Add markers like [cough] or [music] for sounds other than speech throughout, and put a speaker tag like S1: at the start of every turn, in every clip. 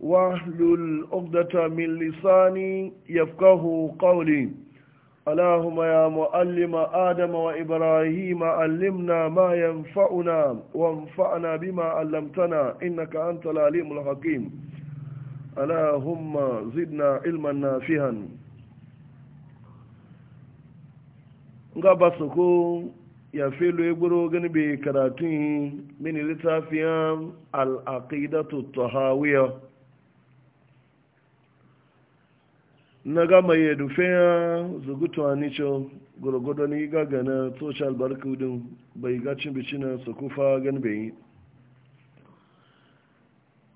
S1: واحلل عقدة من لساني يفقه قولي اللهم يا معلم آدم وإبراهيم علمنا ما ينفعنا وانفعنا بما علمتنا إنك أنت العليم الحكيم اللهم زدنا علما نافعا ngabasuku ya filo egboro gani bai karatun mini littafiyan al'aqidatu tahawiyah na gama ya dufe ya zugutuwa ni cewa gwargwado ni ga na social barku din bai gacin bici na su kufa gan bai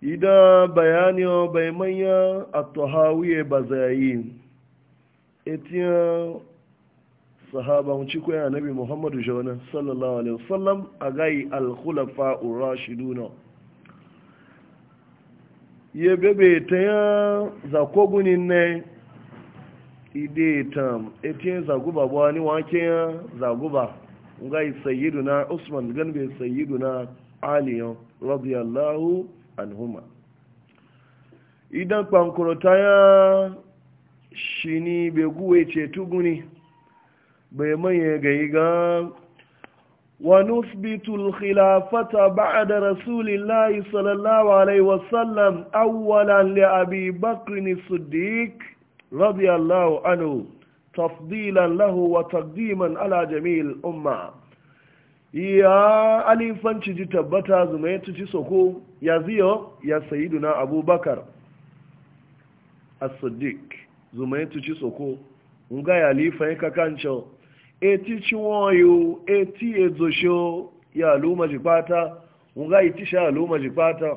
S1: yi da bayani bai manya a tahawiye ba zayayi etiyan sahaba mu ciko ya bi muhammadu shawana sallallahu alaihi wasallam a gayi alkhulafa urashiduna ya bebe ta ya zakogunin ne ide tam etin zaguba ba ni wake zaguba ngai sayyiduna usman ganbe sayyiduna ali radiyallahu anhuma idan pankurota taya shini be guwe ce tuguni bai maye gaiga ونثبت الخلافة بعد رسول الله صلى الله عليه وسلم أولا لأبي بكر الصديق رضي الله عنه تفضيلا له وتقديما على جميع الأمة يا ألي فانشي جتبتا زميت جسوكو ya يا سيدنا أبو بكر الصديق زميت جسوكو nga ya lifa kancho eti chiwoyo eti ezosho ya luma jipata nga itisha luma jipata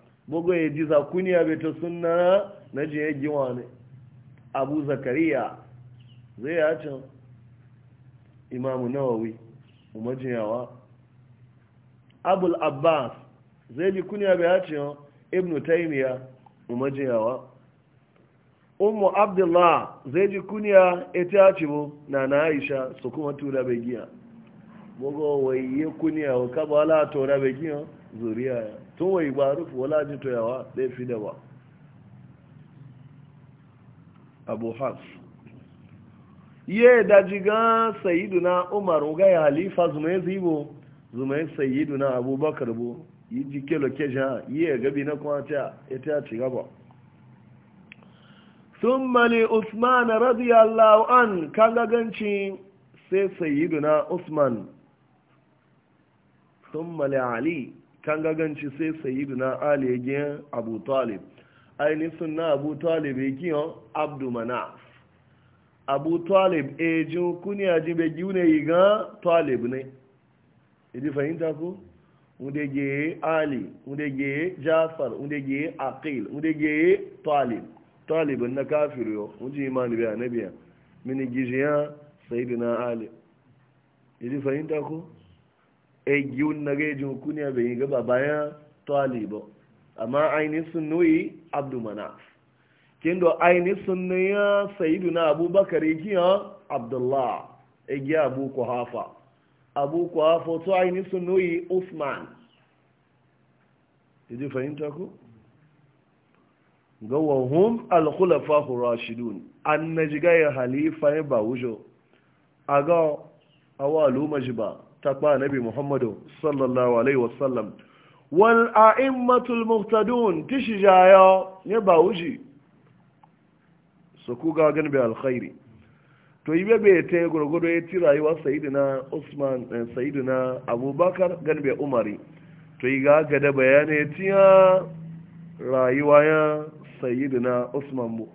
S1: bugu ya ji zakuniya bai ta suna na jiye giwa ne abu zakariya zai ya can imamu nawawi umarjiyawa abul abbas zai ji kuniya bai ya ce ibnu taimiya umarjiyawa umu abdullah zai ji kuniya ita ya ce na na aisha su kuma tura bai giya Bogo wai yi kuniya wa kabala tora bai giya zuriya ya to wai ba rufu wala ji toyawa da fi da ba abu hafs ye da jiga na umar ga ya halifa zumai zibo zumai na abubakar bo yi jike lokeja ye gabi na ta ita ci gaba ثم radiyallahu رضي الله عنه كان غنشي سي سيدنا عثمان ثم Ali. kan gaganci sai sayiduna ali gina abu talib ainihin suna abu talib yagin abdu manaf abu talib ejin eh, kuniya ji be giune yiga talib ne idi fahimta ko unde gaye ali unde gaye jafar unde ge aqil unde ge talib talib na kafir yo unji imani be anabiya mini gijiya sayyidina ali idi fahimta ko egiyun na rejin kuniya bai yi gaba bayan talibo amma ainihin sunuyi abdumanaf kindo ainihin sayidu na abubakar igiyan abdullah igiya abu kuhafa abu kuhafa to ainihin sunuyi usman yaji fahimta ku gawahun alkhulafa rashidun an na jigayen halifayen ba wujo a ga awa lumaji ba takwa nabi muhammadu sallallahu alaihi wasallam wal a'immatul muhtadun tishijaya ne ba wuji su ku ga gani bai alkhairi to yi be ta yi gurgudu ya ci rayuwa sayidina usman eh, sayidina abubakar gani bai umari to yi ga gada bayanai tiya rayuwa ya sayidina usman bu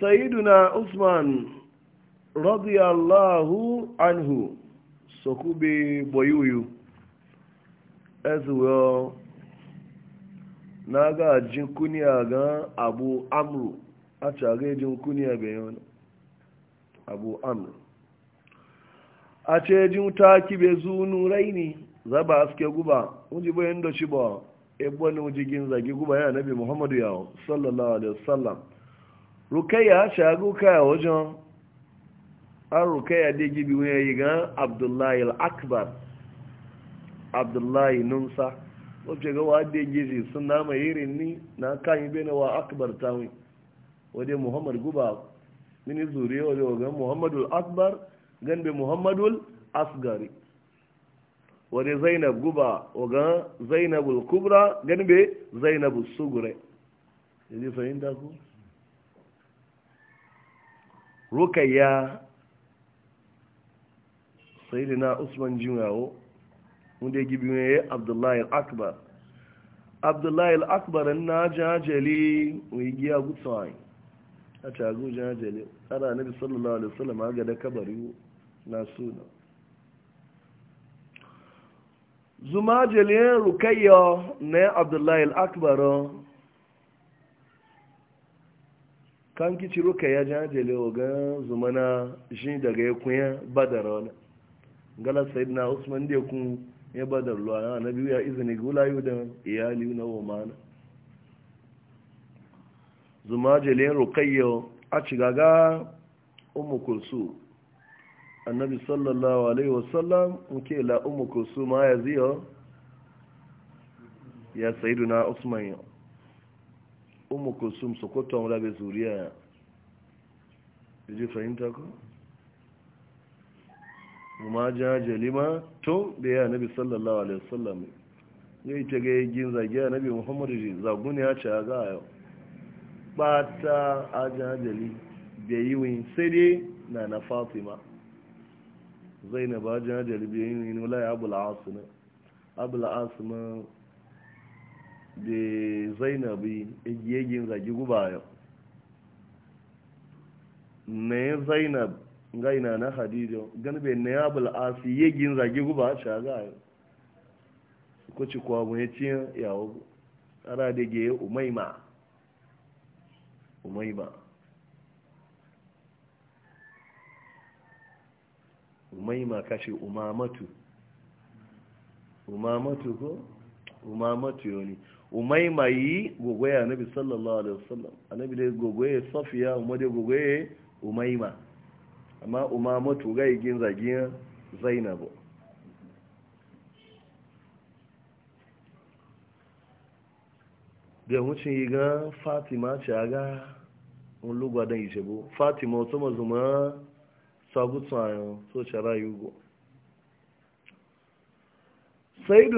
S1: sayidina usman radiyallahu anhu sokube boyuyu ezuwo na ga ji kuniya ga abu amru a ga jin kuniya bayan abu amru a ce jin kibe be zunu raini zaba aske guba unji bayan da shi ba ebon ujigin zagi guba ya nabi muhammadu yawo sallallahu alaihi wasallam rukaiya shagu kaya wajen an rukaya da gibi wani gan abdullahi al'akbar abdullahi nunsa wacce ga wa da gizi sun nama yirin ni na kayi bene wa akbar tawi wadda muhammad guba mini zuriya wadda wa gan muhammadu al'akbar gan da muhammadu asgari wadda zainab guba wa gan zainabul kubra gan da zainabul sugure yanzu fahimta ku rukaya sayidina usman jimawo wanda ya gibi ne abdullahi akbar abdullahi akbar na jajali wigiya gutsawai a tagu jajali tsara na bi sallallahu alaihi wasallam a ga da kabari na suna zuma jaliyar rukayya na abdullahi akbar kan kici rukayya jajali ga zuma na shi daga ya kunya badara wani gala sayidina usman da kun ya badar luwa na biyu ya izini gula yau da iyali na na. zuma jelen rukayyo a cigaga umu kursu annabi sallallahu alaihi wasallam nke la umu kulsu ma ya ziyo ya sayyidina usman yau umu kulsum sokoton rabe zuriya ya ji fahimta ko ma ja jalima to da ya nabi sallallahu alaihi wasallam ya yi ta ga yi gin zage ya nabi muhammadu ji zagun ya ce ga yau ba ta aja jali da yi win sai dai na na fatima zainab ja jali da yi win wulai ya abu la'asuna abu la'asuna da zainab ya gin zage guba yau na zainab ngai na na hadijo gan be nayabul asi yegin zage guba sha ga ko ci kwa mu yace yawo ara da ge umayma umayma umayma kashi umamatu umamatu ko umamatu yoni umayma yi gogoya nabi sallallahu alaihi wasallam Anabi da gogoye safiya umma da gogoye umayma amma umamatu gai gin zagiyar zainabu da wucin yi ga fatima ce a ga olugba don isebo fatima otu mazuma sabutun ayon so shara yugo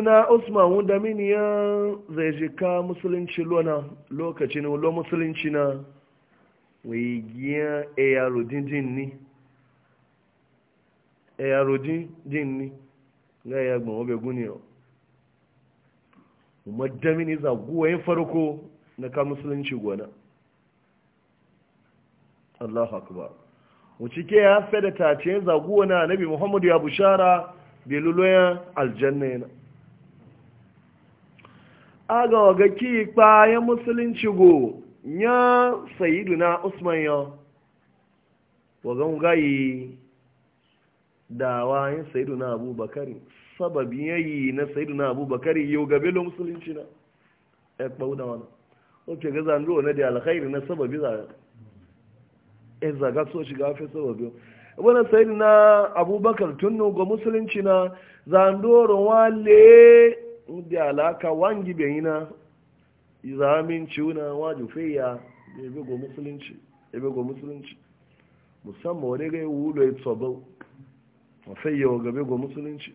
S1: na usman wunda miniyan zai jika musulunci lona lokacin ulo musulunci na wai giyan eyaro dindin ni ẹ̀yà ròdín dín ní ga gbọ̀n ọbẹ̀ gún ni ní damini zaguwayen farko na ka musulunci gwana allahu akbar cike ya fẹ́ da taciyen zaguwa na anabi muhammadu ya bushara beluloyan aljanna yana ga waga ki ya musulunci go ya sayidu na usman ya wagan gayi dawa yin saidu na abubakari sababi yayi na saidu na abubakari yau gabe lo musulunci na ya kpau da wani oke ga zanduwa na da alkhairi na sababi za ya zaga so shi gafe sababi wani sayidu na abubakar tun ga musulunci na zanduwa wale da alaka wangi bayi na izamin ciuna wajufeya ebe go musulunci ebe go musulunci musamman wani ga yi wulo ya tsobau wa gabe ga musulunci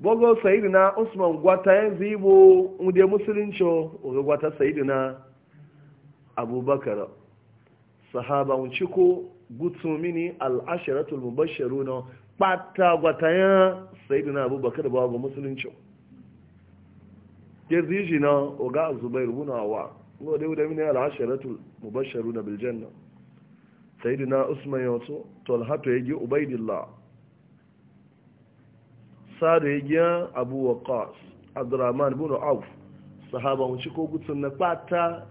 S1: bogo sayidina usman gwata yanzu ibo ude musulunci oga gwata sayidina abubakar sahaba unci ko gutsumini al'asharatul mubashiru na pata gwata ya sayidina abubakar ba ga musulunci yanzu yi na oga zubairu bunawa ga wadai wadai mini al'asharatul mubashiru na biljanna sayidina usman wasu tolhato ya gi ubaidillah sadu ya giya abu waqas abdurrahman bin auf sahaba wuce ko gutsun na fata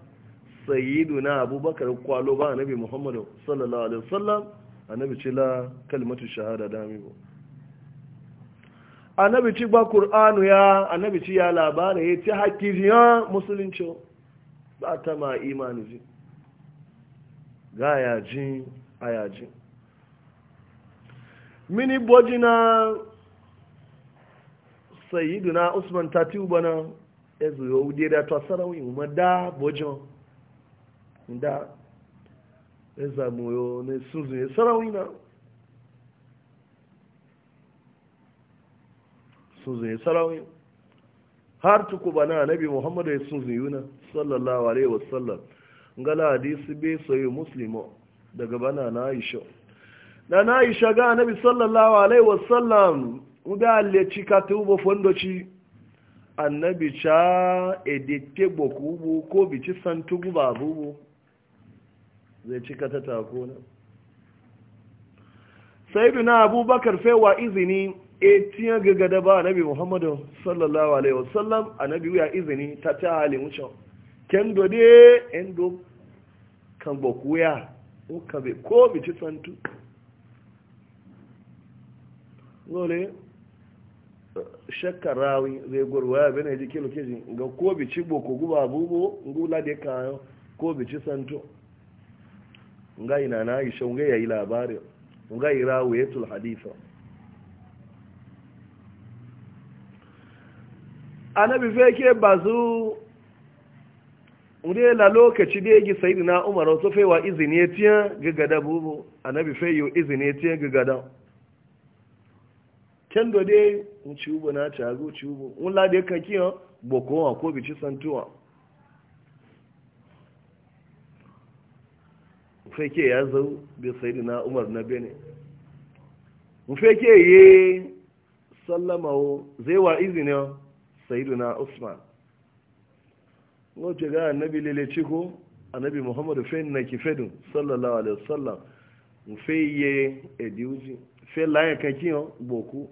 S1: sayiduna abubakar kwalo ba annabi muhammad sallallahu alaihi wasallam annabi ce la kalmatu shahada dami bo annabi ci ba qur'anu ya annabi ci ya labari ya ci hakkiyan musulunci ba ta ma imani zai ga yaji a yaji mini boji na sayidu na usman na. bana ezu yau da ta sarauyi ma da bojo da eza moyo ne suzu e sarauyi na suzu ya e sarauyi har tuku bana nabi muhammadu ya e suzu yi yuna sallallahu alaihi wasallam ngala hadisi bai sayo muslimo daga bana na aisha na na aisha ga nabi sallallahu alaihi wasallam ga allaci bo fondo chi annabi cha edete bu ko bu babu bu zai cika ta ko na sayyidina abubakar wa izini e gaga da ba nabi muhammadu sallallahu alaihi wasallam annabi ya izini ta ta halin wucin kendo de endo kan kuya o kan be ko mi ti santu ngole shakarawi zai gurwa bane ji kilo keji ga ko bi ci boko guba bubo ngula de kayo ko bi ci ngai na na isha ngai yayi labari ngai rawiyatul haditha anabi feke bazu wuri la lokaci da gi sai na umaru su faiwa izini ya tiya gada bubu annabi faiyo izini ya tiya gagada can da dai in ci ubu na ci agu ci ubu in la da kan kiyan bokowa ko bici santuwa fake ya zau bai sai na umar na bene fake ye sallama zai wa izini sai na usman ngoce ga annabi lele ciko annabi muhammadu fe na ki fedun sallallahu alaihi wasallam fe ye ediuji fe laye kan kiyan boku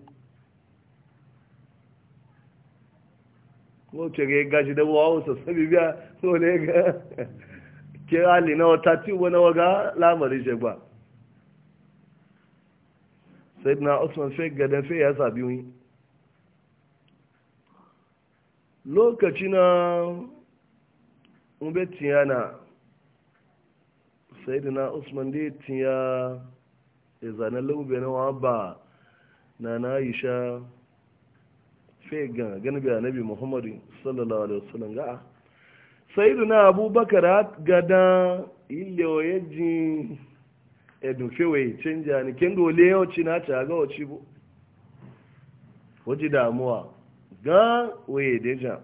S1: ngoce ga gaji da wa wasa sabi biya so ne ga ke ali na ta ti wani waga lamarin shegba sai na usman fe gadan fe ya sabi wani lokaci na mbe tiyana na usman dai tiya ya zanen laube na waba na na aisha fegan ganibi annabi muhammadu sallallahu alaihi wasallam saidu na abubakar gada ilewaye jin edufewe canja ni kendo leo na ta ga oci bu waje damuwa ga waye deja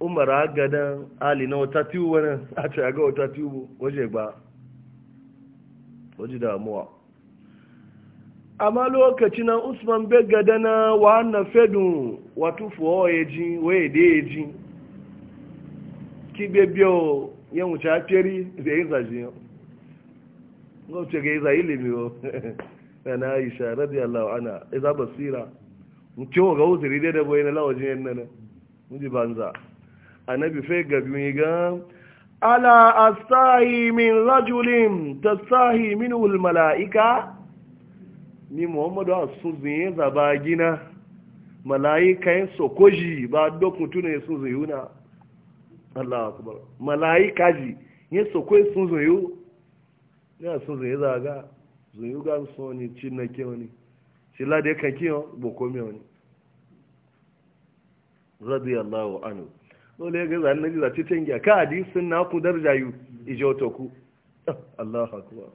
S1: umar agadan ali na wata tiwu wani a ce aga wata tiwu waje ba waje damuwa amma lokaci na usman begada na wa'annan fedun watu fuwa ya ji waye da ya ji ki bebiyo yan wuce afiri da yin zaji yau ga wuce ga yi za ilimi yau [laughs] yana aisha radiyallahu ana iza e basira mutuwa ga wuzuri dai da bai na lawajin yan nana muji banza anabi fe gabi ga ala astahi min rajulin tastahi minhu almalaika ni muhammadu asuzin gina. malaika yin sokoji ba dokun tuna ya sun zuyuna Allah akbar malaika ji yin sokoji sun zuyu ya sun zuyu zaga zuyu ga so ni cinake wani sila da kan kiyon bukomi wani radiyallahu anhu dole ga zan naji zaci tengiya ka hadisin kaadị ku darja yu ijo to ku Allah akbar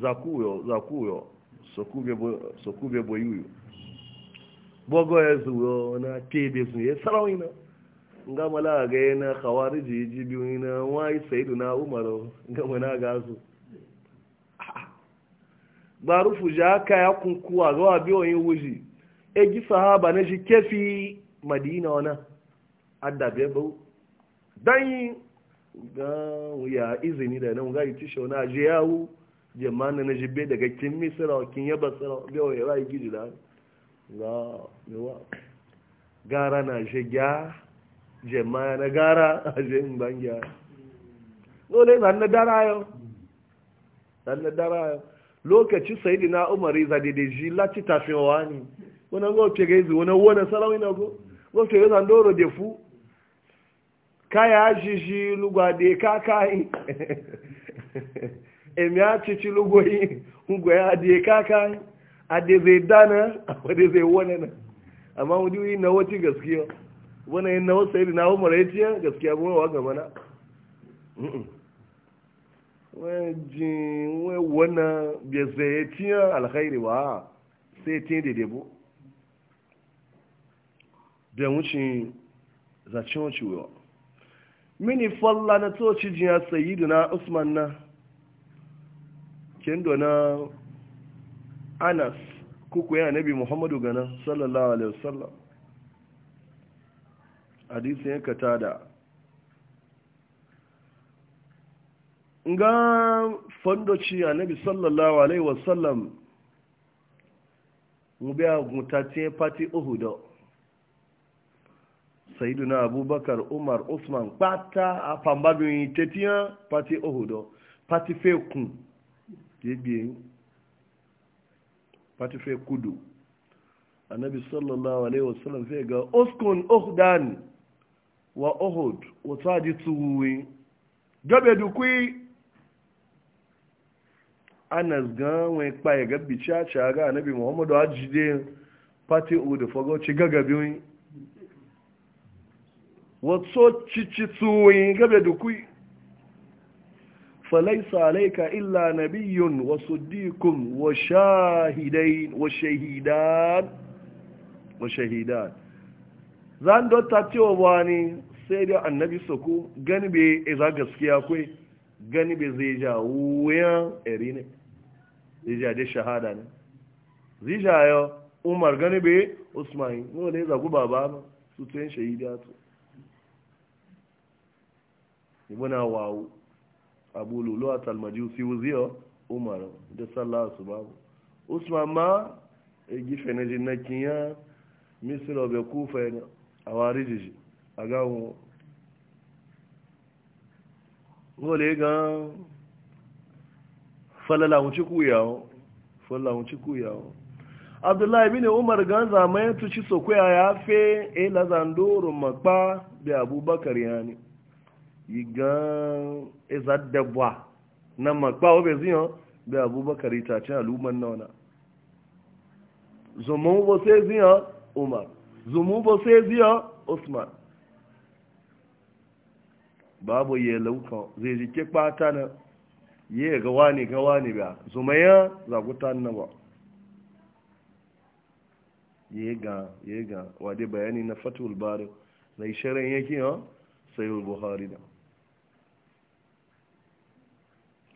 S1: zakuyo zakuyo sokube bo sokube bo yuyu bogo yesu na tebe su ye sarawina nga mala ga yana khawariji na umaru nga mana ga su barufu ja ka ya kunkuwa ga wa onye wuji e na shi kefi madina wani adabe bau don yi ga ya izini da nan gari tishe wani aje yawo jemana na jibe daga kin misira kin yaba wa biyo ya rayu gidi da ga mewa gara na je gya jemana gara a [laughs] je in ban gya dole zan na dara yau na dara yau lokaci sayidina umar zade da ji lati tafiyawa ne wani ango ofe ga izu wani wani sarawin na go wato ya zandoro da fu kaya shishi lugwa da kakayi [laughs] emi a cici lugoyi ngwa ya da kakayi a da zai dana [laughs] a da zai wani na yi na wata gaskiya wani na wasa yi na wani maraitiya gaskiya kuma wa gama na wajen wani bai zai tiyan alkhairi ba sai tiyan da debo da wuce zace wuce wa mini falla na toci jiya sayidu na usman na kendo na anas kuku ya nabi muhammadu gana sallallahu alaihi wasallam hadisi ya kata da ga fandoci a nabi sallallahu alaihi wasallam mu biya mutatiye fati uhudu sayiduna abubakar umar usman pata a pambadun tetiyan pati ohudo pati fekun yegbe pati fekudu annabi sallallahu alaihi wasallam fe ga uskun uhdan wa ohud wata ji tuwuwi gabe dukwi anas gan wen kpaye gabi caca ga anabi muhammadu ajide pati ohudo fogo ci gagabi wato cici tsuwin gabe dukui falaisa alaika illa nabiyyun wa suddiqun wa shahidain wa shahidan wa shahidan zan do ta cewa bani sai dai annabi soko gani be e za gaskiya kai gani be zai ja wuya eri ne zai ja dai shahada ne zai ja yo umar gani be usman no ne za ku baba su tun shahidatu ibuna wawu abu lulu a talmajusi wuziyo umar da sallah su babu usman ma e gife na jin na kinya misir obe kufa yana a wari jiji a gawon gole gan falala wuce kuyawo falala wuce kuyawo abdullahi bin umar gan zamayin tuci sokoya ya fe e lazandoro makpa da abubakar yani yigan izadabwa na magba obe ziyan da abubakar itacen al'umman na wana zumu ba sai ziyan umar zumu ba sai ziyan usman babu ya laukan zai ji ke kpata na yi ga wani ga wani ba zumaya zagutan na ba yi ga yi ga wade bayani na fatul bari zai shirin yake yan sayul buhari da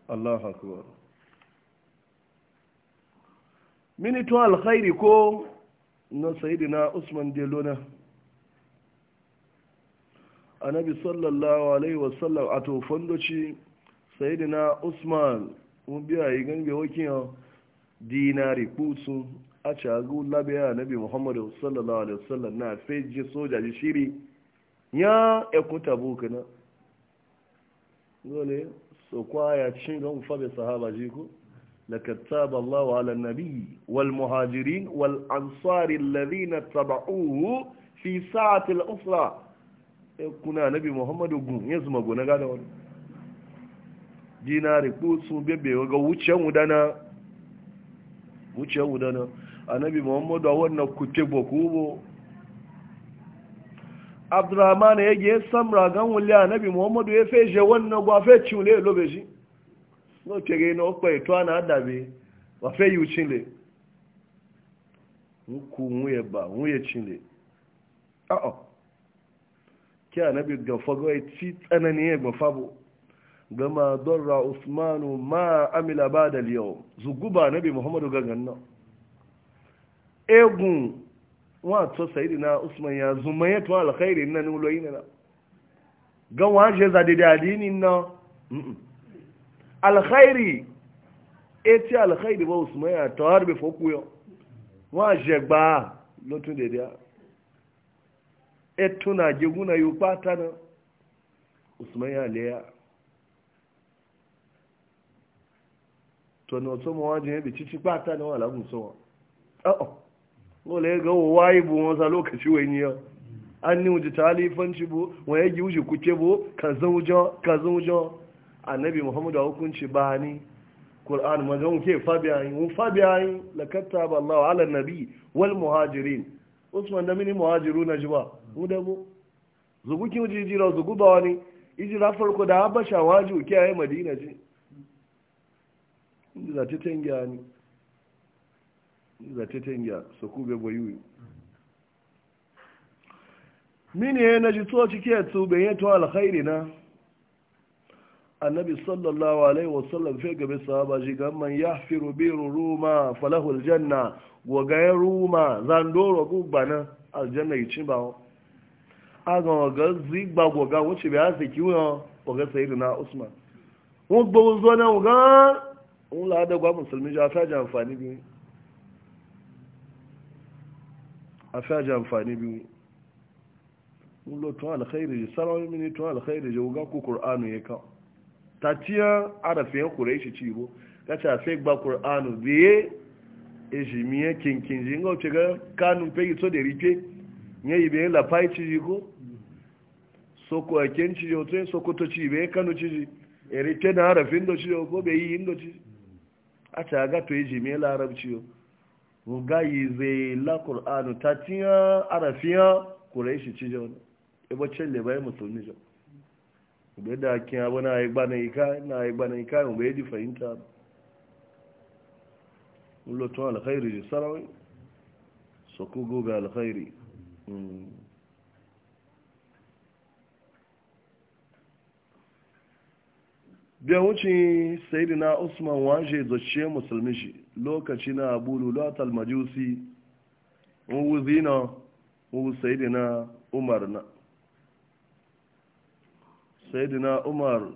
S1: Allah akbar minito alkhairi ko na sayidina usman delona annabi sallallahu alaihi wasallam a tofan doci sayidina usman mun biya yi ganbe wakin dinari kusu a cagu labiya annabi muhammadu sallallahu alaihi wasallam na feji soja shiri ya ekuta bukana gole Sokwaya, kwa ya cin ga ufa bai sahaba ji ku لقد تاب الله على النبي والمهاجرين والأنصار الذين اتبعوه في ساعة الأسرة kuna nabi muhammadu gun ya zuma gona gada wani dinari ko sun bebe ga wucen wudana wucen wudana a nabi muhammadu a wannan kuke bokubo abdurrahman ya ge samra gan wuli anabi muhammadu ya fe je wannan gwa fe cin le lo beji no tege no pe to ana adabe wa fe yu cin le nku nwuye ba nwuye cin le a a anabi ga fago e ti tsanani ya gba fabo gama dorra usmanu ma amila ba al-yawm zuguba anabi muhammadu ga ganna egun wato sayidina usman ya zuma ya tuwa alkhairi na nulo yi na ga waje za da adinin na alkhairi e ti alkhairi ba usman ya ta harbe fokuyo waje gba lotun da dia e tuna geguna yi pata na usman ya leya to na otu ma waje ya bi cici pata na wa lagun sowa oh, -oh. wale ga wayi bu wasa lokaci wani yau an ni wuce talifanci bu waye yi wuce kuke bu ka zaujo ka zaujo annabi muhammadu a hukunci ba ni ƙur'an magan ke fabiyayi mun fabiyayi lakatta ba Allah ala nabi wal muhajirin usman da mini muhajiruna na mu da mu zugu ki ji jira zugu ba wani ijira farko da habasha waju ke ayi madina ji inda za ta tangiya ni ta tengiya su kube yi mini ya na ji so cike tsuben ya to alkhairi na annabi sallallahu alaihi wasallam fe gabe sahaba ji gamman ya fi biru ruma falahu aljanna gwagayen gayen ruma zandoro na aljanna yi cin bawo a ga zigba goga wuce bai asiki wuyan oga sayidu na usman wọ́n gbogbo zuwa na wuga wọn la'adagwa musulmi ja ta ji amfani biyu a faji amfani biyu lo tun alkhairi ji sarawar mini tun alkhairi ji wuga ku ƙur'anu ya kawo ta ciya arafiyan ƙureshi ci bo ka ce a fi gba ƙur'anu biye e miye kinkin ji nga ce ga kanun fegi ito da rike nye yi la lafai ci ji ko soko a kyan ci jo tun soko to ci biye kanu ci ji erike na harafin do ci jo ko bai yi indo ci a ce a gato ejimiye miye larabci yau. gayi la ƙur'anu ta tiya arafiya ƙuraishi ci jau ibo e celle bayan musulmi jau bai da kin abu na yi gbana ika na yi gbana ika mu bai di fahimta lotun alkhairi ji sarawai so ku goga alkhairi hmm. biya wuce sayidina usman waje zoce musulmi shi lokaci na abu lulatal majusi wuzina wu sayidina umar na sayidina umar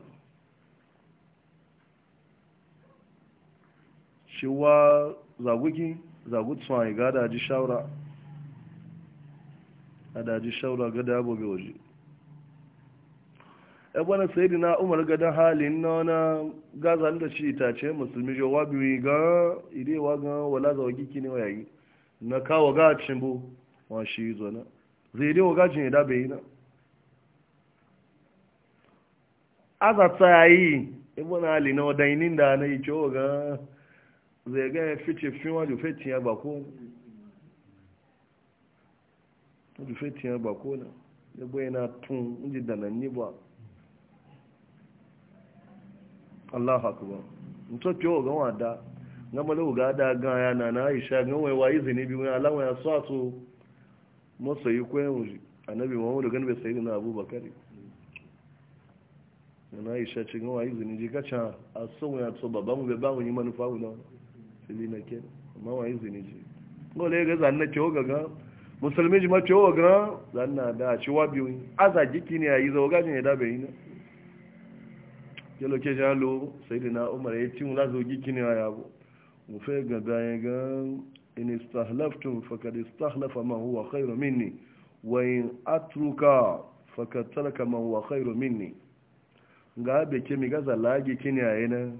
S1: shi wa zagugi zagutsuwa ga daji shaura a daji shaura ga dabo waje ebana sayidi na umar gadan halin na wani gaza da shi itace musulmi jo wabi ga idewa ga wala za wagi kini wa yayi na kawo ga cimbo wa shi zo na zai dai wa gajin da bai na aza tsayi ibn ali na wadainin da na yi cewa ga zai ga ya fice fin wa jufetin ya ba ko na jufetin ya ba ko na ya bayyana tun inji da nan ni ba Allahu akbar nto kyo ga wada ngama lo ga da ga ya na na Aisha ga wai wai bi wani alawa ya sato masa yi ko yin annabi Muhammad ga nabi sayyidina Abubakar na Aisha ce ga wai zini ji kacha aso ya to baba mu be ba wani manufa wuna sai na ke amma wai zini ji ngole ga zanna kyo ga ga musulmi ji ma kyo ga zanna da ci wa biyu azaji kini yayi zo ga ne da bayina yalo ke jalo sai da na umar ya ci mula zogi kini a yabo mu fai ga bayan gan in istahlaftum fakad istahlafa man huwa khairu minni wa in atruka fakad taraka man huwa khairu minni ga be ke mi gaza lagi kini a yana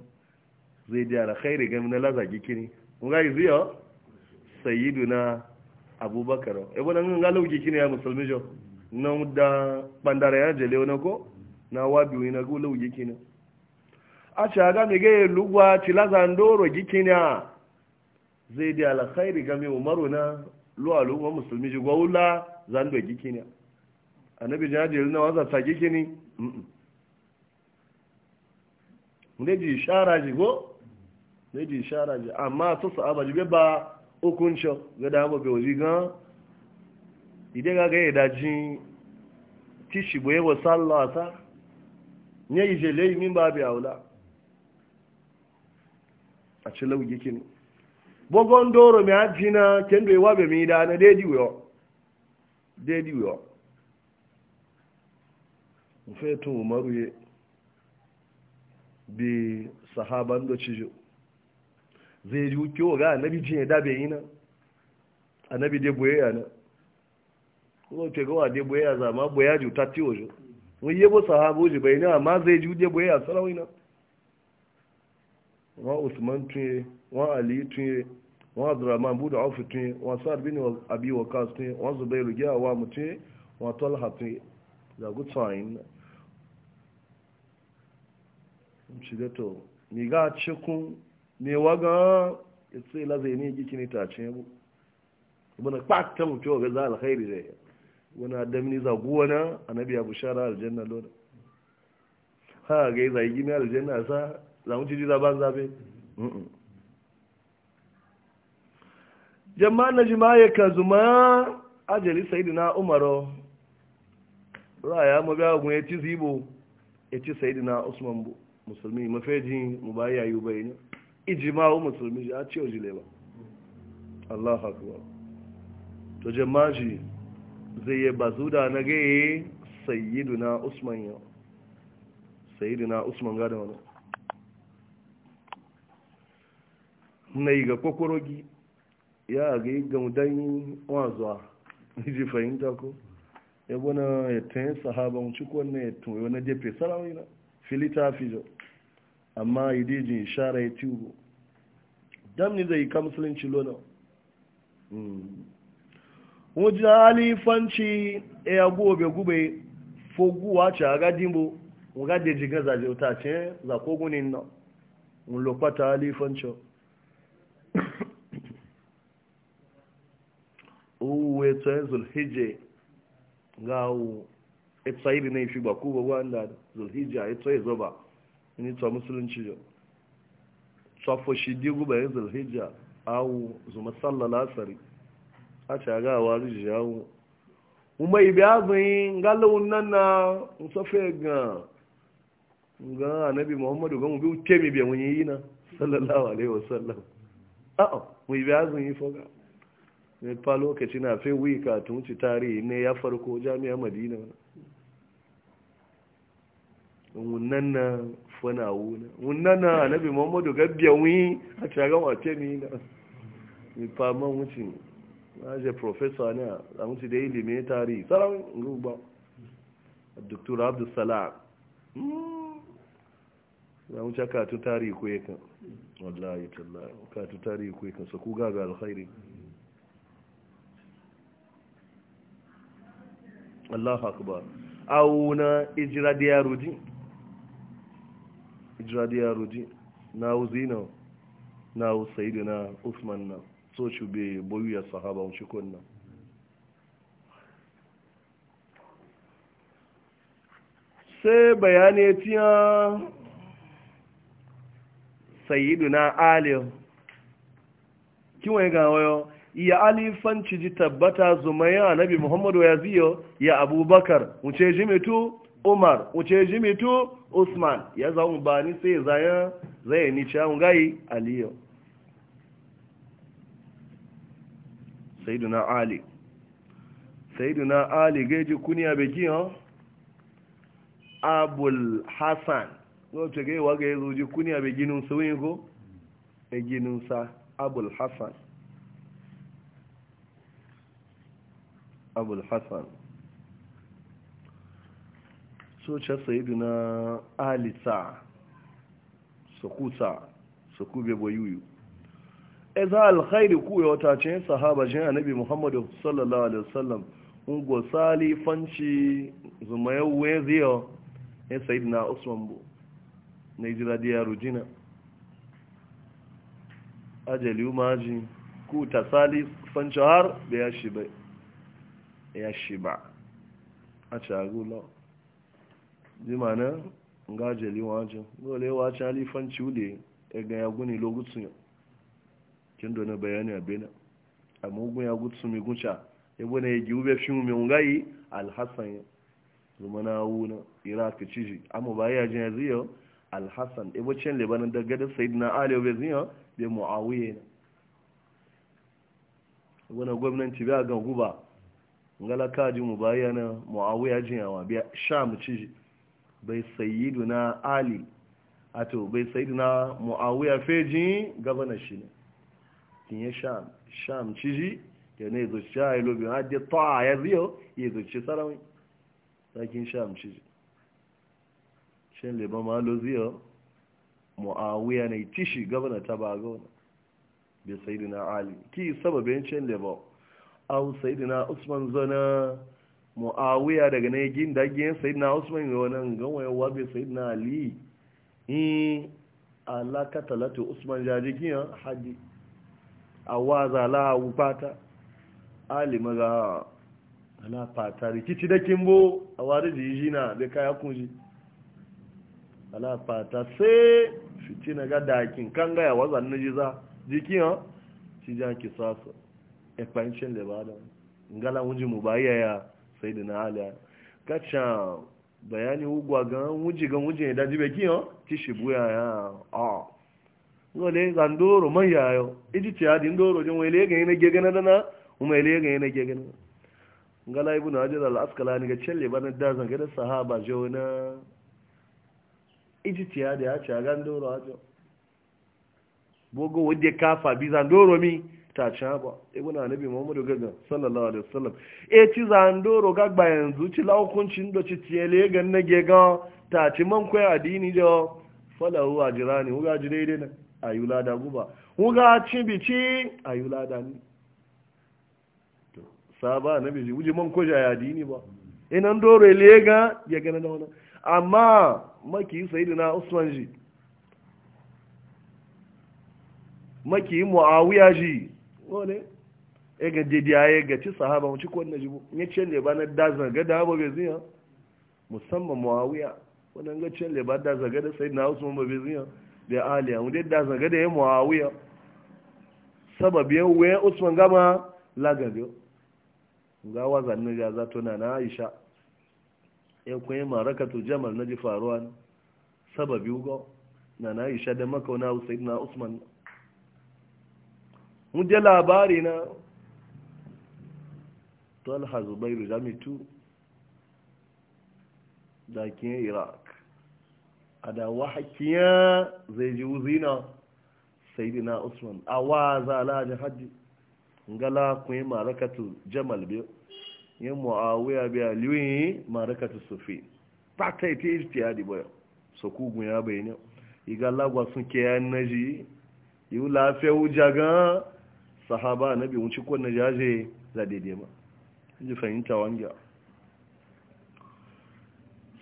S1: zai da alkhairi ga na laza lazagi kini mun ga iziyo sayyiduna abubakar e bonan ga laugi kini ya musulmi jo na da bandara ya jele wona ko na wabi wina go laugi kini a shaga mai gaya lugwa tilazan doro gikina zai di alkhairi gami umaru na luwa luwa musulmi ji gwaula zan do gikina annabi jeli na wanzar ta gikini ne ji shara ji go ne ji shara ji amma su abaji bai ba hukuncin ga da bai wazi gan ide ga gaya dajin tishi boye wa sallata ne yi jele yi min babu wula. a ci lauge bogon doro mi ajina kendo iwa be mi da na dedi wo dedi wo mfe to bi sahaban do cijo zai ji uke ga annabi jin ya e dabe ina anabi de boye ya na ko te ga wa de boye ya za ma boye ju tatti ojo mun yebo bai ji bayina amma zai ji de boye na. wọn usman tun tunye wọn ali tunye wọn abdulrahman buda aufi tunye wọn sa'ad bin abi wakas tunye wọn zubairu giyawa tun tunye wọn talha tunye da good sign shigato ni ga cikin ne waga ita ila zai ne giki ne tace bu ibn kpatta mu to ga za alkhairi zai wani adamni za guwana annabi abu shara aljanna lona ha ga zai gina aljanna sa zamu ci jiza ban zabe jama'a na jima'a ka zuma ajali sayidina umaru raya mu ga gun yaci zibo yaci sayidina usman bu musulmi mafeji mu ba yayu bayina ijma'u musulmi ya ce ojile ba Allahu akbar to jama'a zai yi bazuda na gaye sayidina usman yau sayidina usman ga da wani na yi ga kwakwarogi ya ga yi gamdan wazuwa ji fahimta ko ya gwana ya tayin sahaban cikon na ya tuyo na jefe sarawina filita fijo amma idijin shara ya tubo damni zai ka musulunci lona wajen hmm. halifanci e ya gobe gube foguwa ce a gadimbo wadda jigin zaje ta ce za kogunin na lokata halifancin ya tsayin zulhijje ga wu ya tsayi da na yi fi ba ku ba wanda zulhijje ya tsayi zaba ni ta musulunci yau tsafo shi digu bayan a wu zuma sallala lasari a cagawa rijiji awu umar ibi azin galawun nan na tsofe ga ga anabi muhammadu ga mubi temi biya wani yi na sallallahu alaihi wasallam a'a mu ibi azin yi foga ne fa lokaci na fi wika tun ci tarihi ne ya farko jami'a madina wannan na fana wuna wannan na anabi muhammadu gabbiya wi a shagan wace ni na ne fa man wucin na je professor ne a wuce da ilimin tarihi salam ruba dr abdulsalam ya hmm. wuce katun tarihi ko yakan wallahi tallahi katun tarihi ko kan sa ku gaga alkhairi Allah akbar auna ijira da yaro na ijira na uzina na usman na so shi be boyu ya sahaba shi kunna sai bayani tiya na ali kiwon ga wayo ya alifan ciji tabbata zumaya anabi muhammadu ya ziyo ya abubakar wuce jimitu umar wuce jimitu usman ya zaun bani sai zaya zai ni cawun gai aliyo sayyiduna ali sayyiduna ali gaji kuniya beki ha abul hasan wacce gaiwa ga ya zoji kuniya beginin sauyin ko sa abul hasan abul hassan soce sayidu na alisa sakuta sakube bayuyu e za alkhairi kuwa wata ce sahaba jin Nabi muhammadu sallallahu alaihi wasallam ungo sali fanci zumayau weziyo e sayidu na usman bu na ijira diya rujina ajali umaji ku ta sali fanci har da ya shi bai ya shi a cagula zimana ga jeli wajen dole wacin halifanci wule e ga ya guni logutsun kin na bayani abena amma gun ya gutu mi gunca ya e bane ya e gi ube fimu mai ungayi alhassan ya zumana wuna iraq ciji amma ba ya jin yanzu yau alhassan ibocin libanin daga da sayidina ali obezin yau da muawiya ne gwamnati ba ga guba ngala kaji mu bayyana muawiya jiyawa biya sha mu ci bai na ali ato bai na muawiya feji gabana shi ne kin ya sha mu ci ji ya ne zo sha ilo ajiye to ta ya ziyo ya zo ci sarawi sakin mu ci ji shin le ba ma lo ziyo muawiya ne ci shi gabana tabago bai na ali ki sababin cin le ba au sayidina usman zana muawiya daga ne gin dagin sayidina usman ne wannan ganwaye wabe sayidina ali in alaka talatu usman jajikin haji awaza la wupata ali maga ana fata rikici da kimbo a wari jiji na da kaya kunji ana fata sai fitina ga dakin kan gaya wazan na jiza jikin ha ci jan kisasu ya kwancin ngala wuji mụbaa ya sai da na kacha bayani ugwa ga wuji ga wuji da kiyo buya ya a ngole ga ndoro ya yo iji ti adi ndoro jin wele ga ina dana kuma ga ina ngala ibnu hajar al ga bana da zanga da sahaba ti adi a cha mi ta ci haɓa e, na anabi muhammadu gaga sallallahu alaihi wasallam e ci zandoro gagba yanzu ci laukuncin da ci tiyele gan na gega ta ci man kwaya adini da falahu a jira ne wuga ji dai na a yi lada guba wuga ci bici a yi lada to saba nabi ji wuji man kwaja ya adini ba inan e, doro ya lega ya gana da wani amma maki sayidina usman ji maki muawiya ji ne? e ga jediya ya e ga ci sahaba mu ci ko na jibo ne ce le ba na dazan ga da ba beziya musamman muawiya wannan ga ce le ba da zaga da sayyidina usman ba beziya da aliya mu dai dazan ga da ya muawiya ya wayan usman gama lagabe ga ne ga zato na na aisha ya kwaye marakatu jamal na ji faruwa sababi ugo na na aisha da makauna usaid na usman mu je labari na talha zubairu jamitu da kiyan iraq a da hakiya zai ji wuzina sai dina usman a waza lajin hajji ngala kun yi marakatu jamal biyu yi mu'awiyar biya liyoyi marakatu sufi ta ta yi ta yi ta bayan so kugun ya bayan yau igalagwa sun ke naji yi lafiya jagan sahaba na mun ci kwanne jaje za daidai ba ji fahimta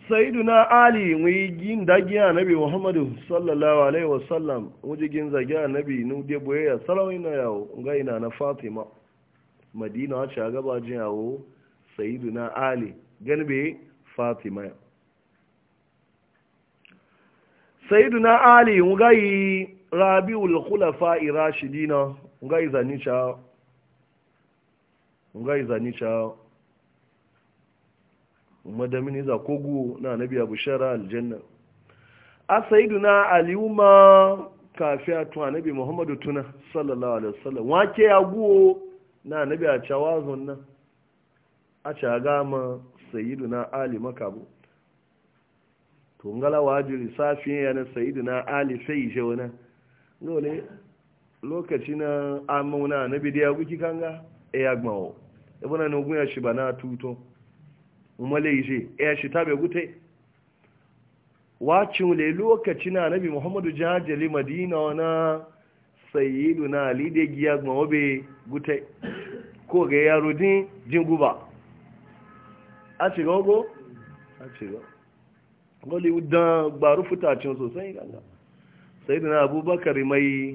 S1: Saidu na ali mu gin na biyu muhammadu sallallahu alaihi wasallam mu zagiya gin na biyu na de boyayya salawai na yawo gaina na fatima madina wace a gaba jin yawo na ali ganibe fatima na ali mu gayi rabiul khulafa irashidina ngai zani chao ngai zani chao madamini za kogu na nabi abu shara aljanna asaiduna aliuma kafi atu nabi muhammadu tuna sallallahu alaihi wasallam wake na nabi a chawazon na a chagama sayyiduna ali makabu to ngala wajiri safiya na sayyiduna ali sai jona ngole lokaci na amuna na bidiya wiki kanga e ya gbawo ibuna na ogun ya shi ba na tuto umale ije e ya shi tabe gute wacin le lokaci na nabi muhammadu jajali madina wana sayidu na ali da giya gbawo be gute ko ga yaro din jinguba a shiga ogo a shiga goli udan gbaru futacin sosai ganga sayidu na abubakar mai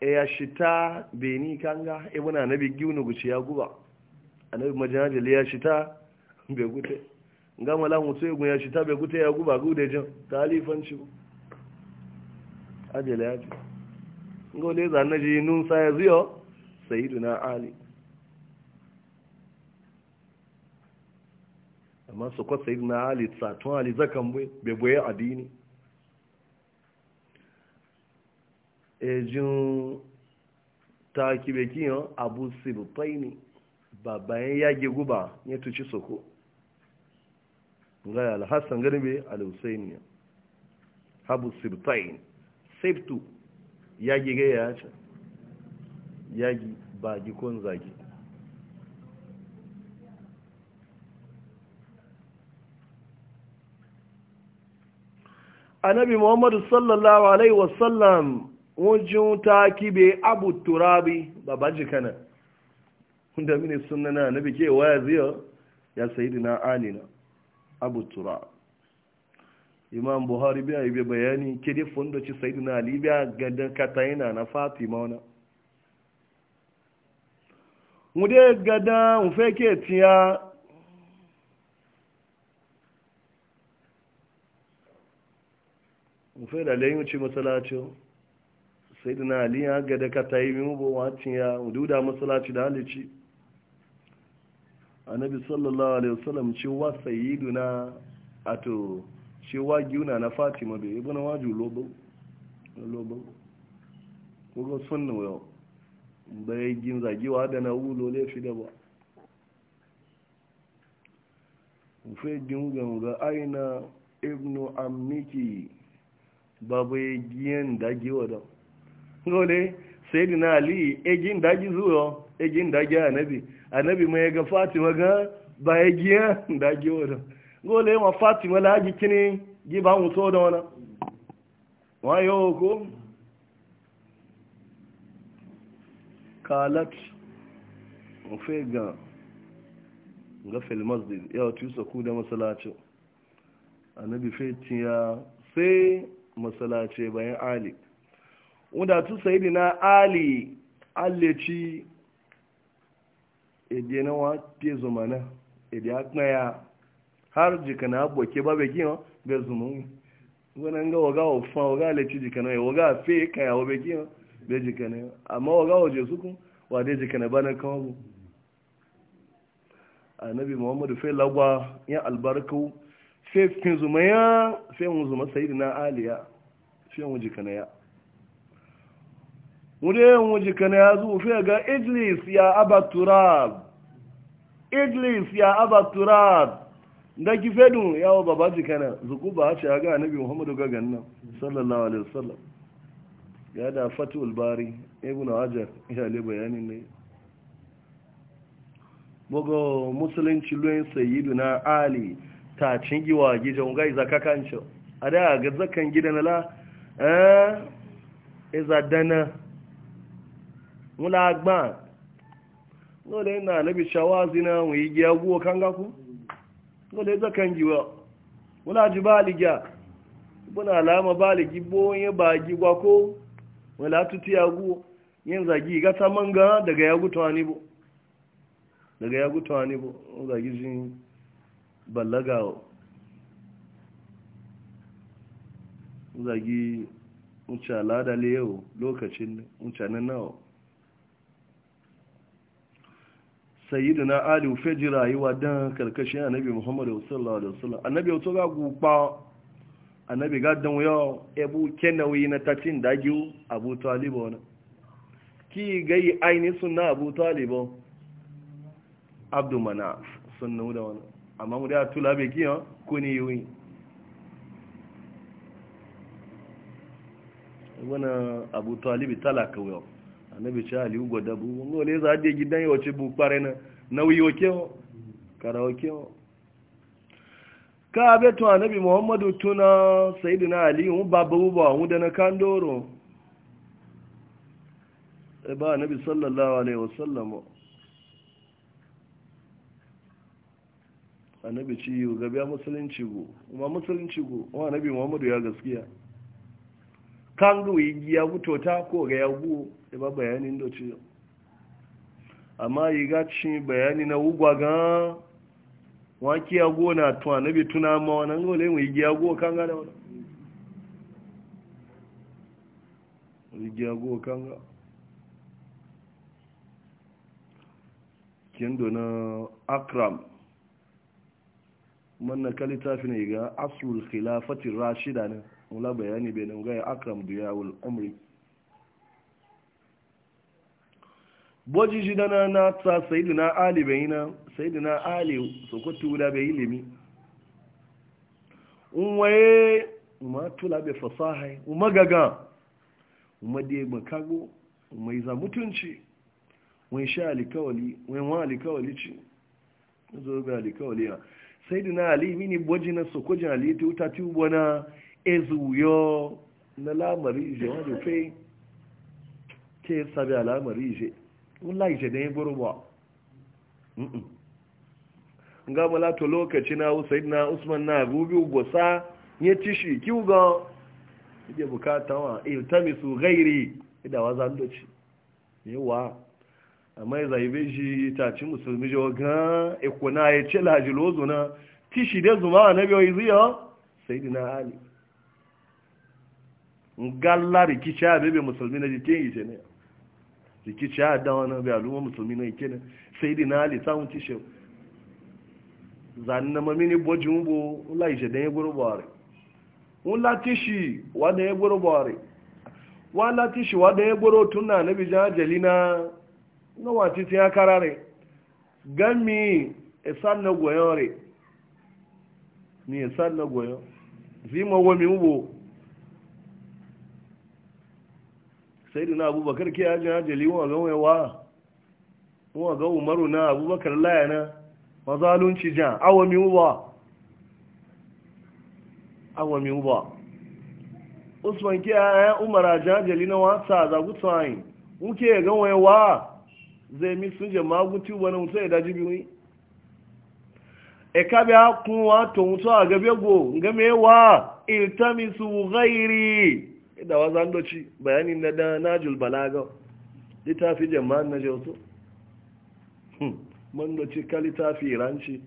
S1: e ya shita beni kanga e eh, na nabi giwuna guci ya guba annabi majalil ya shita begute gute nga mala mutu egun ya shita begute gute ya guba gude jan talifan ci ajele ya ji ngo zanaji za naji nun sa ya ziyo na ali amma su kwa na ali tsatun ali zakan be be adini ejin takibe kiyan abu sibutai ne babbayan yage guba ya tuci soko gaya alhassan garbe alhussainiya abu sibutai safetu yage gaya ya ce yagi bagi kon zagi annabi muhammadu sallallahu alaihi wasallam wajen ta kibe abu turabi babaji jikana da mini sunana na bike waya ziyo ya sayi na alina abu turabi imam buhari biya ibe bayani kede fondo ci sayi na alibiya gadan katayina na fatima wana mude gada nfe ke tiya nfe da lẹ́yìn ci masalacin sai da na ya ga da ka ta yi min bo wacin ya duda masalaci da halici annabi sallallahu alaihi wasallam ce wa sayyiduna ato ce wa giuna na fatima bai ibn waju lobo lobo ko ga sunna wayo bai gin zagiwa da na wulo laifi fi da ba fe gin ganga aina ibnu amniki babu giyan dagiwa da, giwa da. ngole sayyidina ali egin daji zuwa egin daji anabi anabi ya ga fatima ga ba ya giya daji wada ngole ma fatima la ji kini gi ba mu to da wana wayo ko kalat ofega ga fil masjid ya tusa ku da masallacin annabi fetin ya sai masallace bayan ali tu sayidi na ali aleci ede na wa te zumana ede akpaya har jika na aboke babe giyan ga zumun wani ga waga ofa waga aleci jika na waga fe obe wabe o be jika na amma waga waje ku, wa da jika na bana kawo bu annabi muhammadu fe lagwa ya albarku fe fin zumaya fe mun zuma sayidi na aliya fe mun jika na ya wurin waje kana ya zufe ga idlis ya abaturab idlis ya abaturab da ki fedun yawo baba jika na zuku ba ce ga annabi muhammadu ga nan sallallahu alaihi wasallam ya da fatul bari ibnu hajar ya le bayanin ne bogo musulunci sayidu na ali ta cingiwa gijan ga kakancin a da ga zakan gidan la eh e dana mula gban lole na nabi shawazi na wọ́n yìí gẹ́ ku. kangaku lole kan giwa mula ji baligya buna alama baligi boye ba gigwa ko wala tuti yagu yin zagi ga ta manga daga yagu tuwani bo daga yagu tuwani bo zagi jin ballagawo zagi mucala da leyo lokacin mucanen nawa sayidina ali fe ji rayuwa dan karkashin annabi muhammadu sallallahu alaihi wasallam annabi wato ga gupa annabi ga dan yo ebu kenawi na tatin dagiu abu talib wona ki gai aini sunna abu talib abdu manaf sunna da wona amma mu da tulabe ki ko ni yi wana abu talib talaka yau annabi ce aliyu gwada bu ngo ne za de gidan yo ce bu pare na nauyi o kyo karaoke o ka be to annabi muhammadu tuna sayyidina ali mu babu ba mu da na kandoro e ba annabi sallallahu alaihi wasallam annabi ci yo gabe musulunci go kuma musulunci go annabi muhammadu ya gaskiya kangu igiya butota ko ga yagu da ba bayanin da ci amma yi gaci bayani na ugwa ga waki yago na tuwa na bi tuna ma wannan gole mu igiya go kanga da wannan go kanga kendo na akram man na kalita ne ga aslul khilafati rashida ne wula bayani bai nan gaya akram da yawon umri boji shi dana na ta sayidina ali bai na sayidina ali sokoto wula bai ilimi in waye ma tula bai fasahai umagaga, ma makago mai za mutunci wai sha alikawali wai wa alikawali ce zo bai alikawali ya na ali mini boji na sokojin ali ta wuta tubo na ezuyo na lamari ije wani fe ke sabi a lamari ije wula ije na ya wa. Nga ga malata lokaci na usaid na usman na gubi ugosa ya ci shi kiwu ga ije bukata wa iltamisu gairi idawa zandoci yawa amma yi beji ta ci musulmi jawa ga ikuna ya ce lajilozo na tishi da zuma na biyo wa iziyo sai ali ngalla rikici a bebe musulmi na jikin ishe ne rikici a dawa na bai al'umma musulmi na ike ne sai di na ali samun tishe zanen na mamini bojin ugbo nla ishe don ya gburu buhari nla tishi wadda ya gburu buhari wala tishi wadda ya gburu tun na nabi jan na na nawa ti ya karare gami esan na goyon re ni esan na goyon zima wami ugbo na abubakar ke yajin hajjali wa ga wa ga umaru na abubakar layana mazalunci jan awami uba awami uba usman ke ayan umara jan hajjali na wata za gutu ayin nke ga wa zai mi sun je maguti wani mutu ya daji biyu ẹ̀ka e bí a kún a tòun tó àgẹ́bẹ́gbò ngẹ́mẹ́wàá ìtàmìsù da wazan doci bayani na da najul balaga littafi jama'an na jautu hmm. man doci ka littafi ranci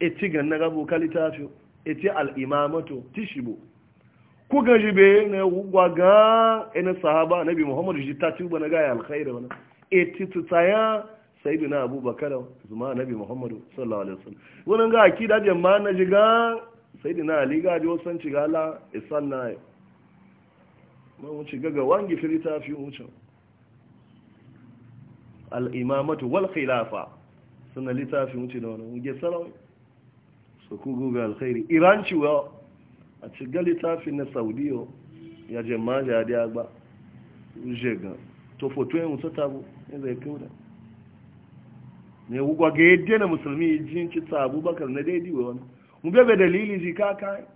S1: eti gan na gabu ka littafi eti al'imamato tishibo ku gaji be na ga ina e sahaba nabi muhammadu shi ta tuba na gaya alkhairi wani eti tutaya sayidu na abubakar zuma nabi muhammadu sallallahu alaihi wasallam wani ga akida jama'an na jiga sayidu na ali gaji wasan cigala isan e na ma wuce gaga wangi firita fi wuce al'imamatu wal khilafa suna littafin wuce da wani wuge salawai su ku guga alkhairi iran ciwa a ciga littafin na saudiyo ya je ma ya di agba wuce ga to foto yin wuce tabu ya zai kyau da ne wugwa ga yadda na musulmi jin ci tabu bakar na daidai wani mu bebe dalili ji kakai.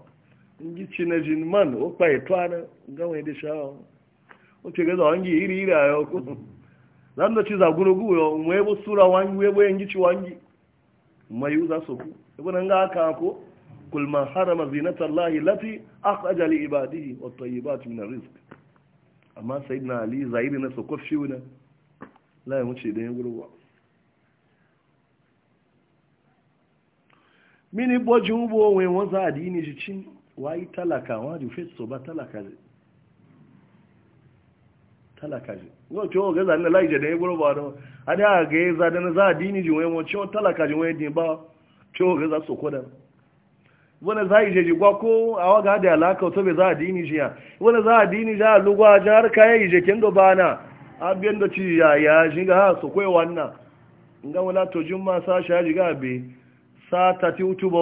S1: ngi ci na jin man o pa nga ngawe de shawo o ce ga zawangi iri iri ayo ko zan da ci za gurugu yo bo sura wangi webo ngi ci wangi mayu za so ku ibn nga ka ko kul ma harama zinata allahi lati akhraja li ibadihi wa tayyibat min arrizq amma sayyidina ali zairi na so ko fiuna la ya e de guru wa mini bojin bo won za adini ji cin wáyí tálàkà wọ́n rí fẹ́ sọ bá tálàkà rẹ̀ tálàkà rẹ̀ wọ́n tí wọ́n gẹ́zà nílá a ní àgẹ́ ìzàdẹ́nu záàdí ní jù wọ́n tí wọ́n tálàkà jù wọ́n bá tí sọ kọ́dà wọ́n za ìjẹ̀ jì gbọ́ kó àwọn gàdé àlákà tó bẹ̀ záàdí ní jìyà wọ́n záàdí ní jìyà kí na abin da ci ya ya ije ga su kwai ga wala to jin ma sa shi ga be sa ta ti utu ba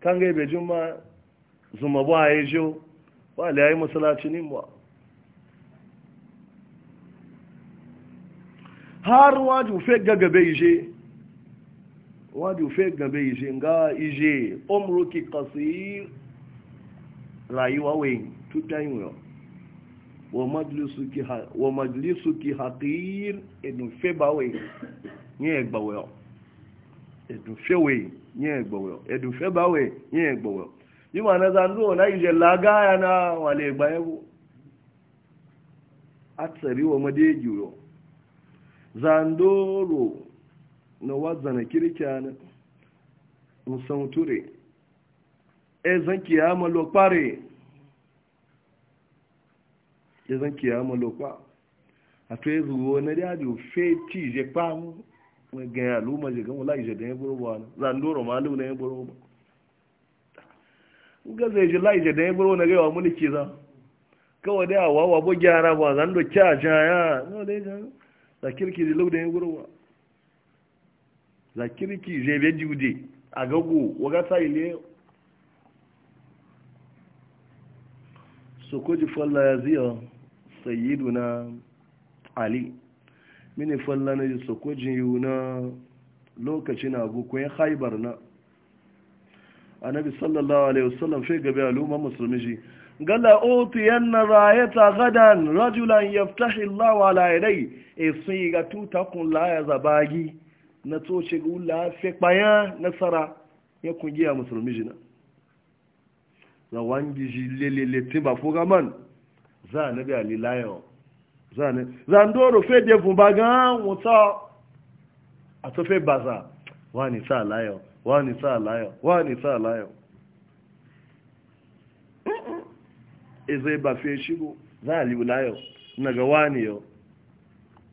S1: kan gaibe juma zuma ba ya jo ba da ya yi masalacin yin ba har waju fe gagabe ije waju fe gabe ije nga ije omruki kasir rayuwa wayin tutayin yau wa majlisuki haƙir edun fe ba wayin ni egba wayo edun fe wayin nye gbowo edufe bawe nye gbowo yi ma na zandu na ije laga ya na wale gbaye bu atsari wa madeji yo zandoro na wazana kirkiya na musan ture e zan kiyama lo pare e zan kiyama lo pa ato ezu na dia di fe ti je wani gaya je gan wala ije da ya ba ne ba ga zai da ya na gaiwa za kawai da wa wa bo gyara ba do kya jaya no dai ga da kirki da ya ba kirki je be jude a gago waga sai ne so ko ji falla ya ziyo sayyiduna ali mini falla na yi sokojin yi na lokacin abokan ya haibar na bi sallallahu alaihi wasallam fi gabe al'umma musulmi ji gala otu yanna ta gadan rajulan ya Allah lawa lairai e sun yi ga tutakun laya zabagi na toce ga wula fi kpaya nasara ya kungiya musulmi ji na zawangi ji lelele timba fogaman za a nabi alilayawa zane zandoro fe de fun ba won ta ato fe baza wa ni sa layo wa ni sa layo wa ni sa layo eze ba fe shigo za li layo na ga wani yo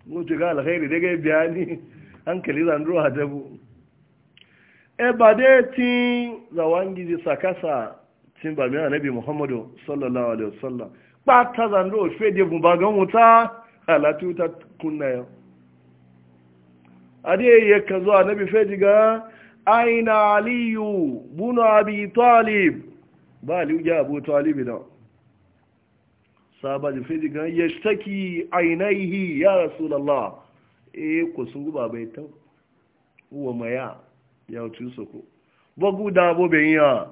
S1: mun ti ga alkhairi daga biyani hankali zandoro hadabu e ba de tin zawangi sakasa tin ba mi annabi muhammadu sallallahu alaihi wasallam ɓata zando fede bumba gan wuta halatu ta kunna yau adiye ya ka zuwa nabi fede ga aina aliyu bunu abi talib ba aliyu ya abu talib na saba da fede ga ya shtaki ainihi ya rasulallah e ku sun Baba bai tan uwa maya ya wuce soko. ko da abu bayan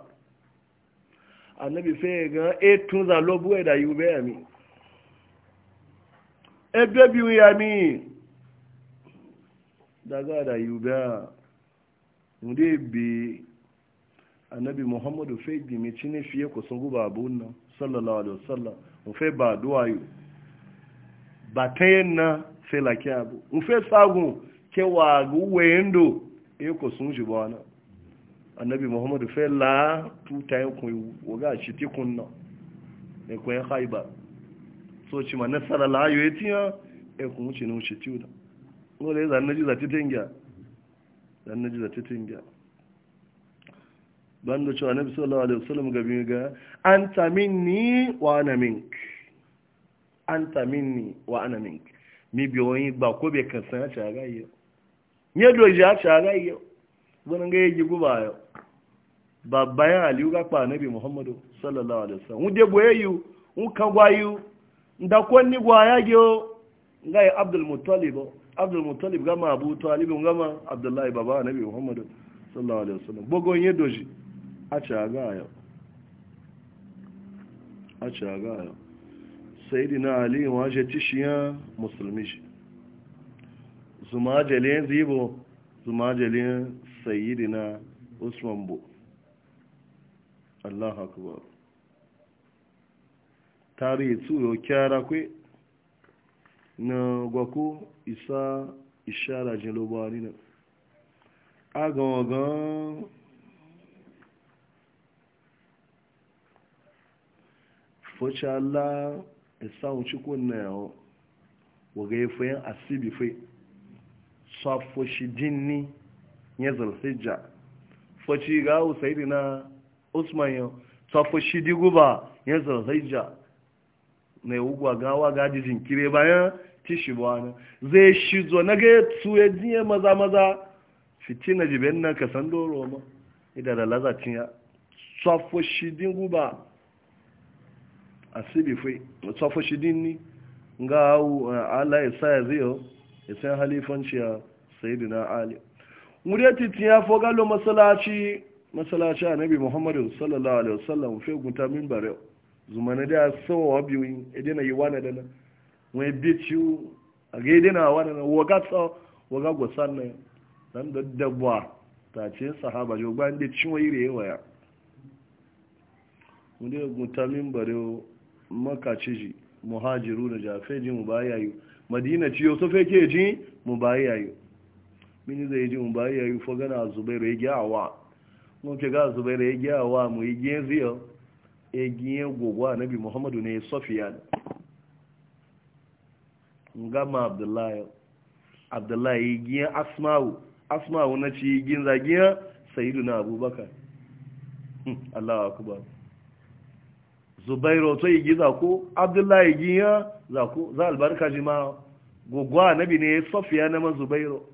S1: annabi fe ga e tun za lo buwe da yube ya mi e bebi ya mi da yube nde bi annabi muhammadu fe bi mi cini fiye ku sun guba abun nan sallallahu alaihi wasallam mu ba duwa yu ba mu wa guwe yin do annabi muhammadu fela fẹ́ láà túta ẹkùn ìwò wọ́gá àṣìtíkùn náà ẹkùn ẹ̀kọ́ ìbá tó ṣe ma nẹ́sára ya etí hàn ẹkùn ń ṣe ní oṣù tí ó dá wọ́n lè zannájú zàtítẹ́ngíà zannájú zàtítẹ́ngíà Ban ń dọ̀ṣọ́ annabi sallallahu alaihi wasallam gabi ga an tamin ni wa ana mink an tamin ni wa ana mink mi bi oyin gba ko be kan san a ṣe a rayu Ni ya ṣe a rayu wani ga yi guba yau babbayan aliyu ga kpa nabi muhammadu sallallahu alaihi wasallam wunde boye yu un kan gwayu nda kwanni gwaya ge o ngai abdul muttalib abdul muttalib gama abu talib gama abdullahi baba nabi muhammadu sallallahu alaihi wasallam bogo yin doji a ci a ga yau a ci a ga yau sayidina ali waje tishiya musulmi shi zuma zibo zuma jalen sayyidina usman bu allah akbar tarihi tsoro kyara kwe na gwako isa ishara jin lobari na agawagan fochala isa chukwu na yawon waga ya fayin asibi fai safo shi jini ya zulhijja fashi ga usaidi na usman yau ta fashi guba ya zulhijja na ugwa gawa gaji jinkire bayan tishi ba wani zai shi na ga su ya jiye maza maza fiti na jibin na ka doro ma idan da lazatin ya ta fashi diguba a sibi fai ta ni ga eh, ala isa ya ziyo yau ya san halifanci ya sayidina mureti tiya fo galo masalaci masalaci annabi muhammadu sallallahu alaihi wasallam fe gunta min bare zumana da sawa biyu idan yi wani da na wai bici a ga idan na wani na waga sa waga gosan na dan da dabwa ta ce sahaba jo ban da cin wai re waya munde gunta min bare ji muhajiru na jafe ji mu madina ciyo so fe ke ji mu mini zai ji mun bayi yayi fo gana zubairu ya gyawa mun ke ga zubairu ya gyawa mu yi gyen ziyo e gyen gogwa nabi muhammadu ne sofiya ngama abdullahi abdullahi gyen asma'u asma'u na ci gyen zagiya sayyiduna abubakar hmm, Allahu akbar zubairu otu yi giza ku abdullahi gyen za ku za albarka ji ma nabi ne sofiya na man zubairu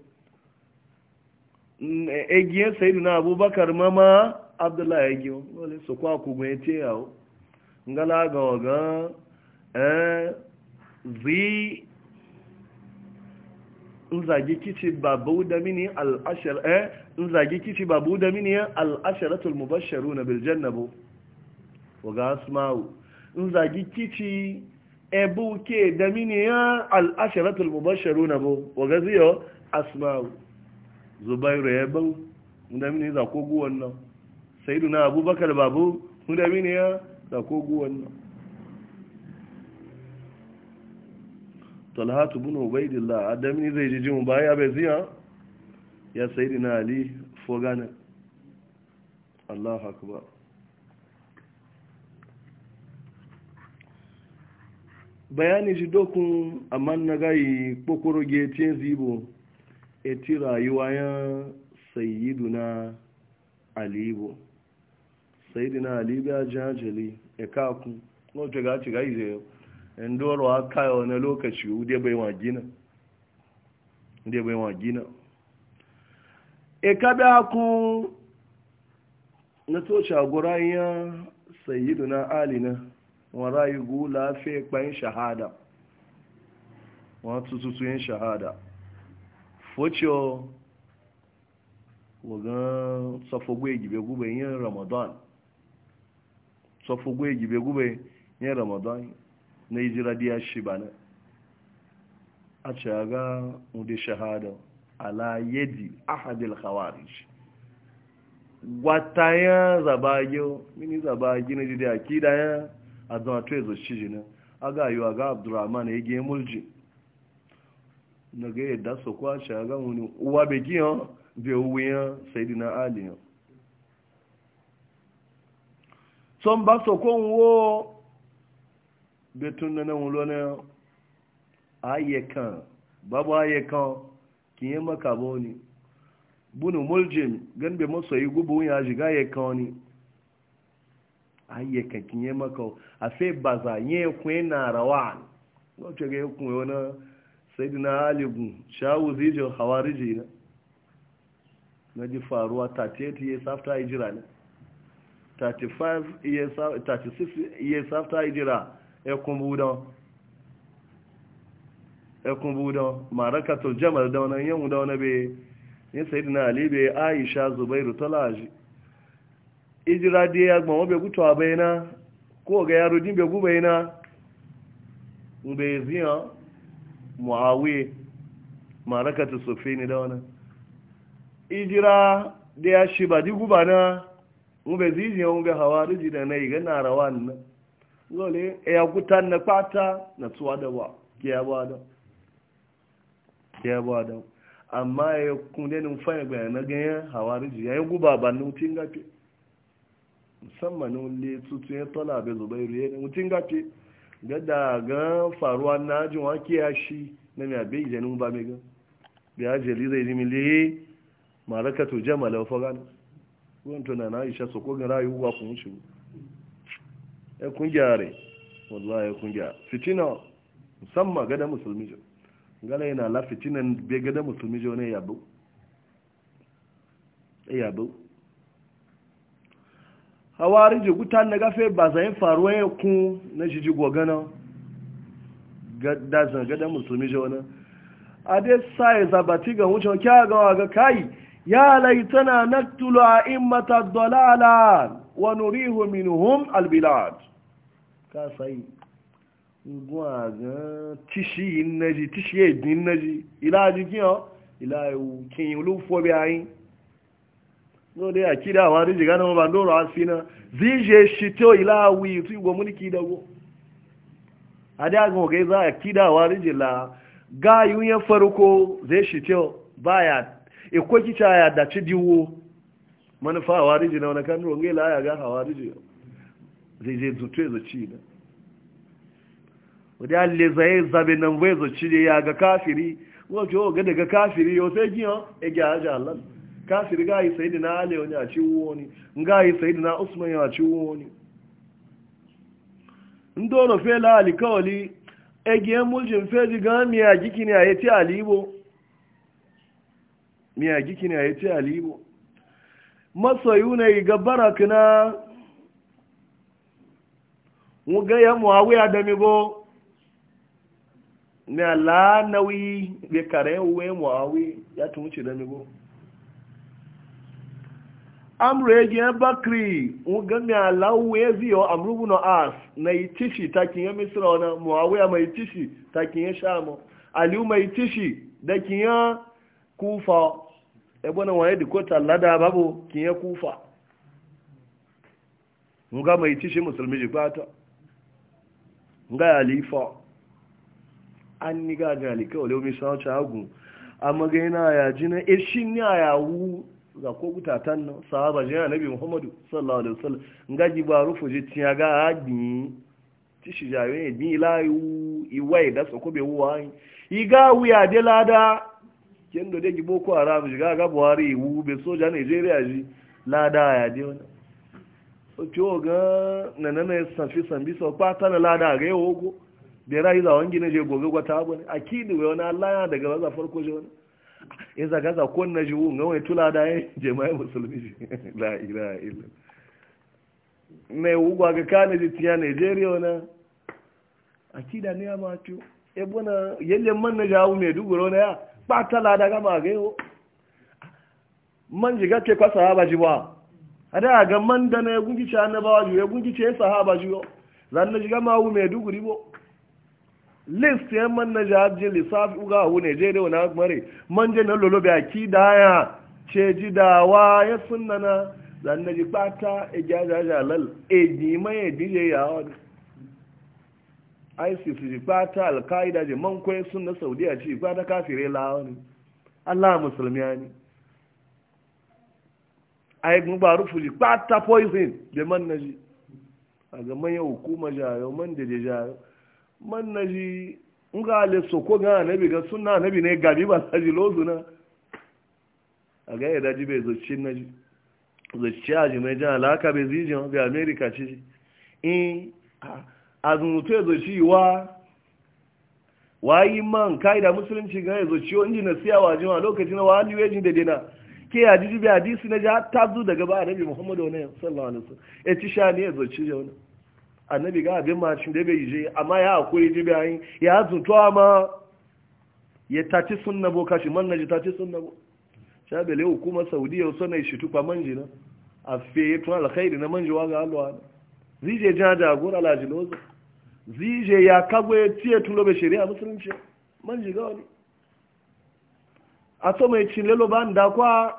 S1: egiyar sayidu na abubakar mama abdullahi egiyo wale su kwa ku mai te yawo ngala ga waga eh, zi nzagi kici babu da mini al'ashar eh nzagi kici babu da mini al'asharatul mubashsharuna bil jannabo waga asma'u nzagi kici ebu ke da mini al'asharatul na bo waga ziyo asma'u zubairu ya bau da mini za ko guwan nan sai duna abubakar babu inda mini ya za ko guwan nan talhatu bin ubaidillah adam ni zai ji ba baya bai ziya ya sayyidina ali fogana Allahu akbar bayani shi dokun amma na gai kokoro ge tiye zibo eti rayuwa ya sayiduna alibu sayiduna alibu ya jajali ya kakun wata ga ci gaize yau in doro aka ya na lokaci ude bai wa gina ude bai wa gina e na toci agura ya sayiduna alina wa rayu gula fe kpayin shahada wa tututu yin shahada focho wagan safogwe gibe gube yin ramadan safogwe gibe gube ramadan na hijira diya shi ba na a caga wunde shahada ala yedi ahadil khawarij gwata ya zaba zabage mini zabage na jide akida ya a zama tuwe zo aga jina a ga yiwa abdurrahman ya mulji na ga yadda su kwace a gan wani uwa begiyan giyan bai wuyan sai dina aliyan tun ba su kon wo betun na nan wulo na ayyakan babu ayyakan kiyan makabo ne bunu muljim gan bai masu yi gubu ya shiga kan ne ayyakan kiyan makabo a sai baza yi kun yana rawa ne wacce ga yi kun sai dina alibu shawu zijin hawariji na na ji faruwa 38 years after hijira ne 35 years 36 years after hijira ekun budan ekun budan marakatul jamal da wannan yan da wannan be yin sayyidina ali be aisha zubairu talaji ijira dai ya gbon be a bayana ko ga yaro din be gubaina be ziyan muawiya marakatu sufini da wani ijira da ya shi ba jigu ba na mube ziji ya mube hawa riji da na yi gana rawa na gole e ya kuta na kwata na tuwa da ba ke ya ba da ya ba da amma ya kunde nun fa ya na ganyen hawa riji ya yi guba ba na mutum gafe musamman ne tutu ya tola bai zubairu ya mutum gafe gada daga faruwa na ajin wake ya shi na mai abe ijanin ba mai gan ya jeli zai rimi le maraka to jama lafa gana ruwan tuna na aisha su kogin rayuwa kun shi ya kun gyare wallahi ya kun gyare fitina musamman gada musulmi jau gana yana la fitinan bai gada musulmi jau ne yabo yabo hawari ji guta na gafe ba zayin faruwa ya kun na jiji gogana da zangadan musulmi ji wani a dai sa ya zabati ga wucin kya gawa ga kai ya na naktulu a immata dalala wa nurihu minhum albilad ka sai ngwa ga tishi naji tishi edin naji ila jikin ila yu kin lu fo bi ayin none akiri awari njigana mu bandoro asina zije shito ilawi tugo muni kidago ada gogeza akida awari jila ga yunya faruko ze shito baya ikoki chaya da chidiwo manufa awari jina wana kanu ngi la ya ga awari jiyo zije zutwezo chida wadi alle zae zabe namwezo chide ya ga kafiri wo jo ga daga kafiri yo sai jiyo e ga ajalla kafir ga yi sayi na ali wani a ci woni ga yi sayi na usman ya ci woni ndoro fela alikawali egiye muljin feji ga miya giki ne a yi alibo miya giki ne a yi ti alibo masoyu ne ga barak na wuga ya muawiya da migo ne ala nauyi bai kare uwe muawiya ya tumuci da amru ya bakri ugami ezi ya ziyo amru bin as na itishi takin misiri ọna wana muawiya ma itishi takin sha shamo aliu ma itishi da kin ya kufa e na waye dikota lada babu kinye kufa nga ma itishi musulmi jibata nga alifa an ni ga ga likawo lewu mi sawo ta agun ya jina e shin ya wu. ga ko gutatan no sahaba je annabi muhammadu sallallahu alaihi wasallam ngaji ba rufu je tiya ga adi ti shi jawe ni layu iwai da so ko be wuwa iga wiya de lada kendo de gibo ko arab je ga ga buhari wu be soja nigeria ji lada ya de wona o ti na ga nanana e safi sambi so pata na lada ga yogo be rai za wangi ne je gogo gwata abu akidi we wona allah ya daga za farko je wona iza gaza kun na jiwu nga wai tula da yin jama'i musulmi [laughs] la ilaha illa ne wugwa ga kane ji tiya Nigeria wana akida ne ma tu e bona yelle man na jawo mai duguro na ya patala lada gama ga yo man ji gake ke kwa sahaba ji ba da ga man da na ya gungice annabawa ba ya gungice ya sahaba ji yo zan na ji gama wu mai duguri bo list ya man na jajin lissafi uga hu ne je da wani mare man je na lolobe a ki daya ce ji dawa ya sunna na zan ji bata e jajaja lal e ji mai e dije ya wani isis ji bata alkaida ji man kwaye sunna a ci bata kafire ne allah musulmi ya ni a yi gbogbo rufu ji bata poison da man na ji a ga manyan hukuma jayo man da jayo man na ji nga ale so ko ga nabi ga sunna nabi ne gabi ba ta [laughs] ji lozu na a ga ya daji bai zoci na ji zoci a ji mai jan alaka bai zijin bai amerika ci in azumutu ya zoci wa yi man kai da musulunci ga ya zoci wa inji na siya wa jima lokacin na wa aliyu yajin da dena ke ya ji bi hadisi na ji ta zu daga ba nabi muhammadu wani sallallahu alaihi wasallam ya e ci sha ne ya zoci ya annabi ga abin macin da bai je amma ya akwai ji bayan ya zuto ma ya taci sunna bo kashi man naji taci sunna bo sha bele hukumar saudiya sanai shi tufa manji na a fiye tun alkhairi na manjiwa ga alwa zije ja jagora lajilozo zije ya kagwe tiye tun lobe shari'a musulunci manji ga wani a so mai cin lelo ba da kwa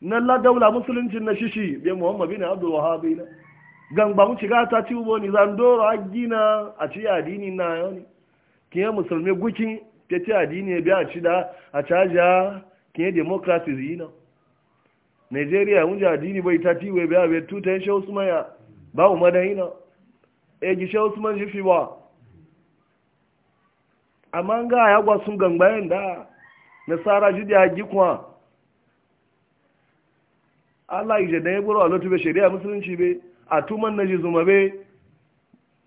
S1: na ladaula musulunci na shishi bai muhammad bin abdul wahabi na gangba mu shiga ta ci ubo ni zandoro a gina a ci adini na yau ne kiyan musulmi gukin ta ci adini biya a ci da a caja kiyan democracy zina nigeria mun ji adini bai ta tiwe biya bai tuta ya shehu sumaya ba mu madahina e gi shehu suman jifi ba amma ga ya gwa sun gangba yin da nasara jidi a gikwa Allah ije da ya buru a lotu bai shari'a musulunci bai a atuman na jizuma be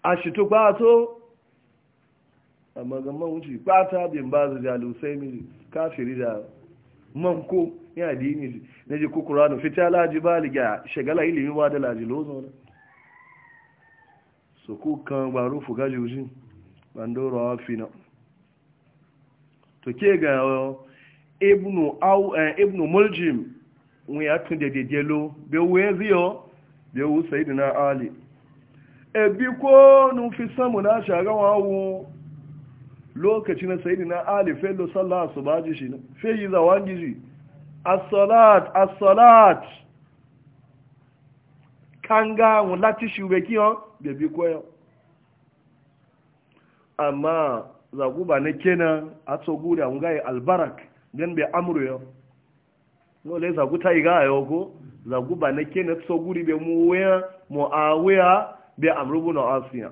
S1: a shi to kwato a magamman wuce kwata bin ba su jalu sai mili kafiri da manko ya dini na ji kukura na fita laji ba ga shagala ilimi ba da laji lozo na su kukan ba rufu gaji wuce bandoro a fina to ke ga eh, ibnu au eh, ibnu muljim wọn ya tun dede delo be wo ziyo da yawu sayidina ali ebi ko nufi samu na shagan wawo lokaci na sayidina ali fello sallah su ba ji shi feyi zawon gizi as-salat as-salat kanga wọn láti ṣùgbẹ́ kí wọn bẹ̀bí kọ́yọ́ amma zaguba ne kenan a tsogu da wọn gáyé albarak gan bai amuru yau wọn lè zaguta iga a yau ko zaguba na kene na so guri be mu be amrubu na asiya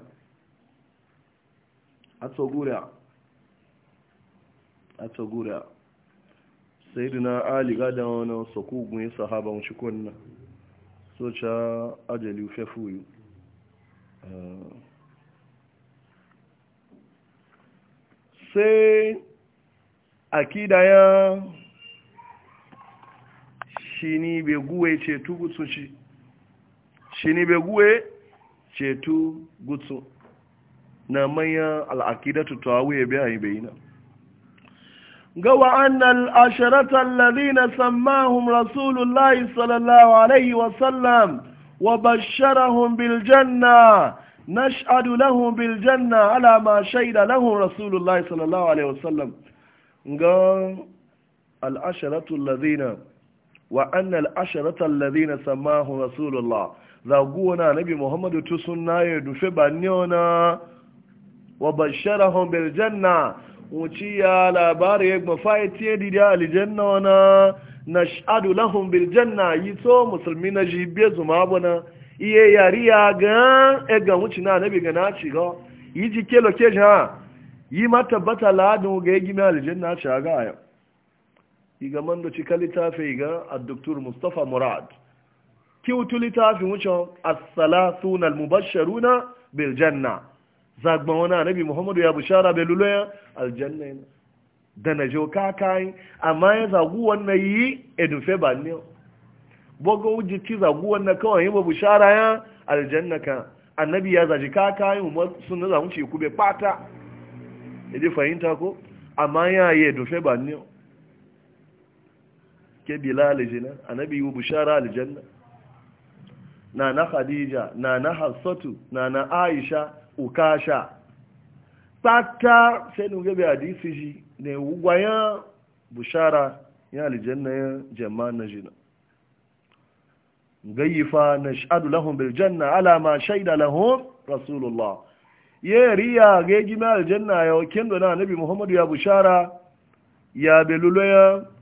S1: sayyidina ali da wani soku gun sahaba mu so cha ajali fe fuyu uh, sai akida ya shi ni bai guwe cetu gutsu shi shi ni bai guwe cetu gutsu na manyan al'akidatu tawawiyya biya yi bayina ga wa'annan ashiratan lalina sammahun rasulullahi sallallahu alaihi wasallam wa basharahun biljanna nash'adu lahun biljanna ala ma shaida lahun rasulullahi sallallahu alaihi wasallam ga al'asharatun lalina wa annal asharata alladhina samahu rasulullah zaguwana nabi Muhammadu tu sunna ya dufe baniona wa basharahum bil janna uciya labari ya mafai ya didi aljanna na. nash'adu lahum bil janna yito musulmi na jibe zuma bana iye ya ga e ga wucina nabi ga na yiji kelo ke ha yi ma tabbata ladun ga yi gimi aljanna ci ga yau iga mando da cika littafi ga addoktor mustapha murad kiwutu littafi wucin assalatu na mubasharu na biljanna zagban wani anabi muhammadu ya bushara beluloyan aljanna yana da na jo kakayi amma ya zagu wannan yi edufe ba ne boga wuji ci zagu wannan kawai yi ba bushara ya aljanna ka annabi ya zaji kakayi umar sun na zamu ce kube fata ji fahimta ko amma ya yi edufe ba ne ke bilal jinan annabi yi bushara aljanna na na khadija na na hafsatu na na aisha ukasha pata sai nun bi hadisi ji ne gwaya bushara ya aljanna ya jama'a na jina gayyifa nash'adu lahum bil janna ala ma shaida lahum rasulullah ye riya ga gima aljanna ya kendo na nabi muhammadu ya bushara ya belulo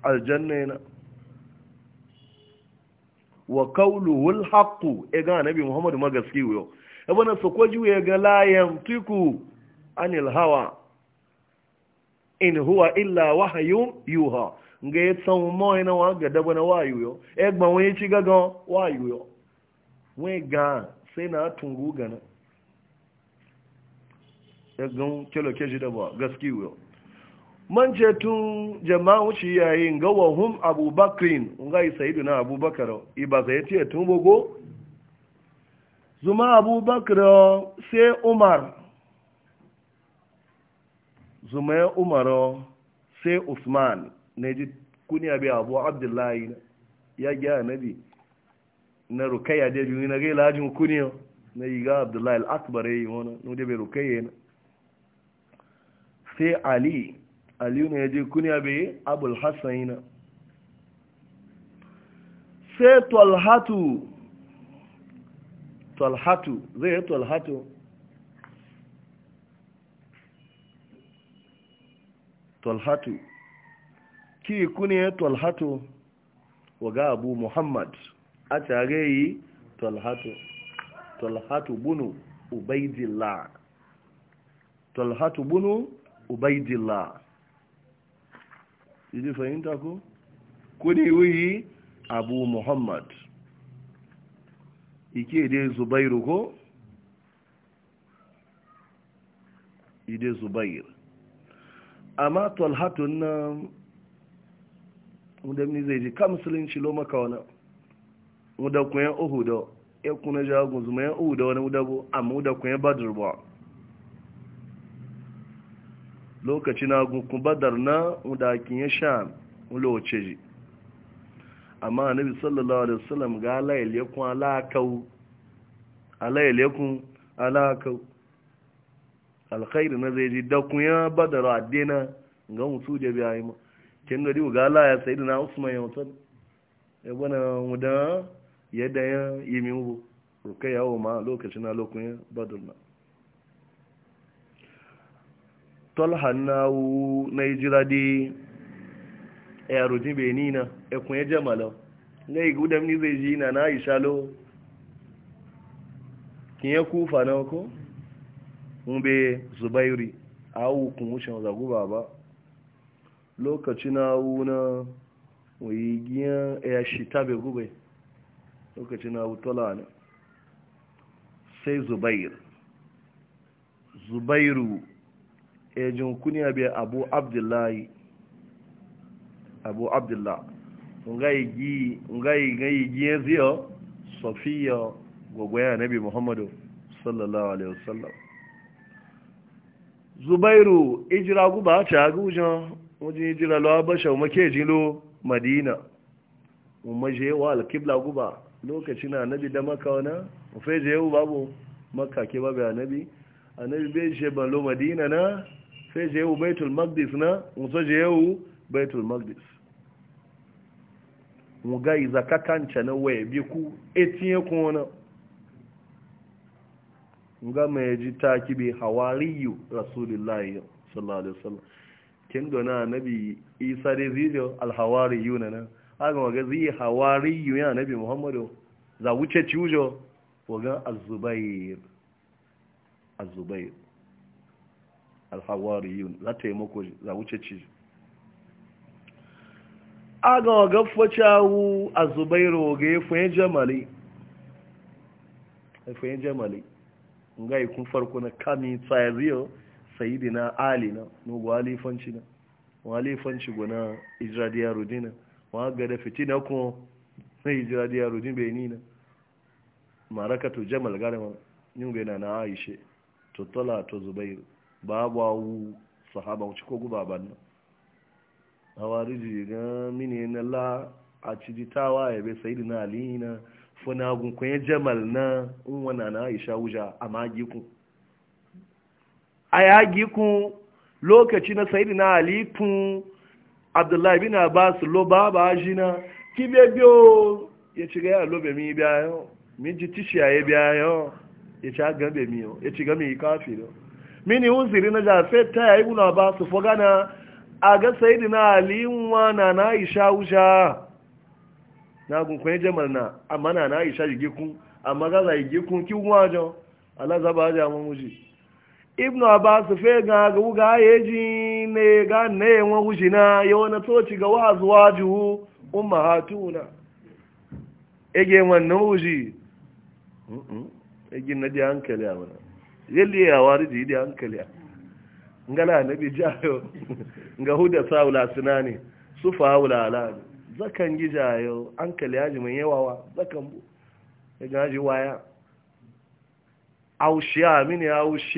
S1: aljanna wa kauluhul haqqu e ga annabi muhammad ma gaske yo e bana so ko juye ga la yamtiku anil hawa in huwa illa wahyun yuha nga ya san mo ina wa ga dabo na wa yo e gba won yi ga gan wa yo we ga sai na tungu gana e gan kelo keji ba gaske yo man ce tun jama'u shi yayin ga wahum abubakrin nga yi sayidu na abubakar ba sai ce tun gogo zuma abubakar sai umar zuma ya umar sai usman na ji kuniya bai abu abdullahi ya na bi, na rukaiya da biyu na gaila Lajin kuniya na yi ga abdullahi al'akbar ya yi wani nude bai rukaiya na sai ali aliyu ne ya je kuniya bai abul hassanina sai tolhatu tolhatu zai yi tolhatu tolhatu ki kuniya tolhatu wa ga abu muhammad a tare yi tolhatu tolhatu bunu ubaidillah tolhatu bunu ubaidillah Iji fahimta ko? Kuni wuyi Abu Muhammad. Ike dai Zubairu ko? Ide Zubair. Amma Tolhatun na mudamni zai ji kamsulin shilo maka wani mudakuyen Uhudu, ya kuna jagun zuma ya Uhudu wani mudabo, amma mudakuyen Badr ba. lokaci na badar na udakin ya sha wulowace ji amma anabi sallallahu alaihi wasallam ga alayyakun alakau alakau alkhairu na zai ji dakun ya a dina ga musu da biya yi ma kin gari ga ala sai da na usman ya mutan ya gwana muda yadda ya yi min rukai yawo ma lokacin na lokacin badar na tolha awu na ijira di erudin benina ekun eje malo ne igudem ni zeji na na aisha lo kiyen kufa na ko mbe zubairi awu kun wucin zagu lokaci na wuna e lokaci na sai zubairu ejin kuniya bai abu abdullahi abu abdullah ngai ngai giye ziyo safiya gwagwaya nabi muhammadu sallallahu alaihi wasallam zubairu ijira guba ta gujo wajen ijira lo basha make jilo madina umaje wa kibla guba lokacin annabi da maka wana ufe je babu makka ke babu annabi annabi bai je ban lo madina na sai je yau baitul magdis na musa je yau baitul magdis mu ga iza kakanca na waya bi ku etinye ku mu ga mai ji taki bi hawariyu rasulullahi sallallahu alaihi wasallam kin gona nabi isa dai zijo alhawariyu na nan aga ga zi hawariyu ya nabi muhammadu za wuce ciwujo wagan azubair azubair alhawariyun za ta yi mako za wuce ci a ga gafa cawu a zubairu ga ya fayin jamali ya fayin jamali ga ikun farko na kami tsayariyo sayidina ali na nugu alifanci na walifanci guna ijiradiya rudina wa ga da fitina kuma na ijiradiya rudin bai nina marakatu jamal gane ma yin bai na na aishe to tola to zubairu babu awu sahaba wuce ko guba ban nan hawariji ga mini na la a cijitawa ya bai sayi na ali funa funagun kun ya jamal na in na aisha wuja a magi kun a yagi kun lokaci na sayi na ali abdullahi bin abbas lo ba ba jina ki be biyo ya ci ga ya lo be mi biya yo mi ji tishiya ya biya yo ya ci ga be mi yo ya ci ga kafi kafiro mini hunziri na jafe ta yayi guna ba su fogana a ga sayidina aliyuwa na na isha wuja na gunkun jamal na amma na na isha jigikun amma gaza yigikun ki wajen Allah zaba ja mu muji ibn abbas fe ga ga uga yeji ne ga ne na ya na toci ga wazuwa juhu ummahatuna ege wannan wuji mm na di hankali a wannan yalli ya wari ji da hankali ngala bi jayo nga huda saula sunani su faula ala zakan gi jayo hankali haji mai wa zakan bu ya e ji waya aushiya mini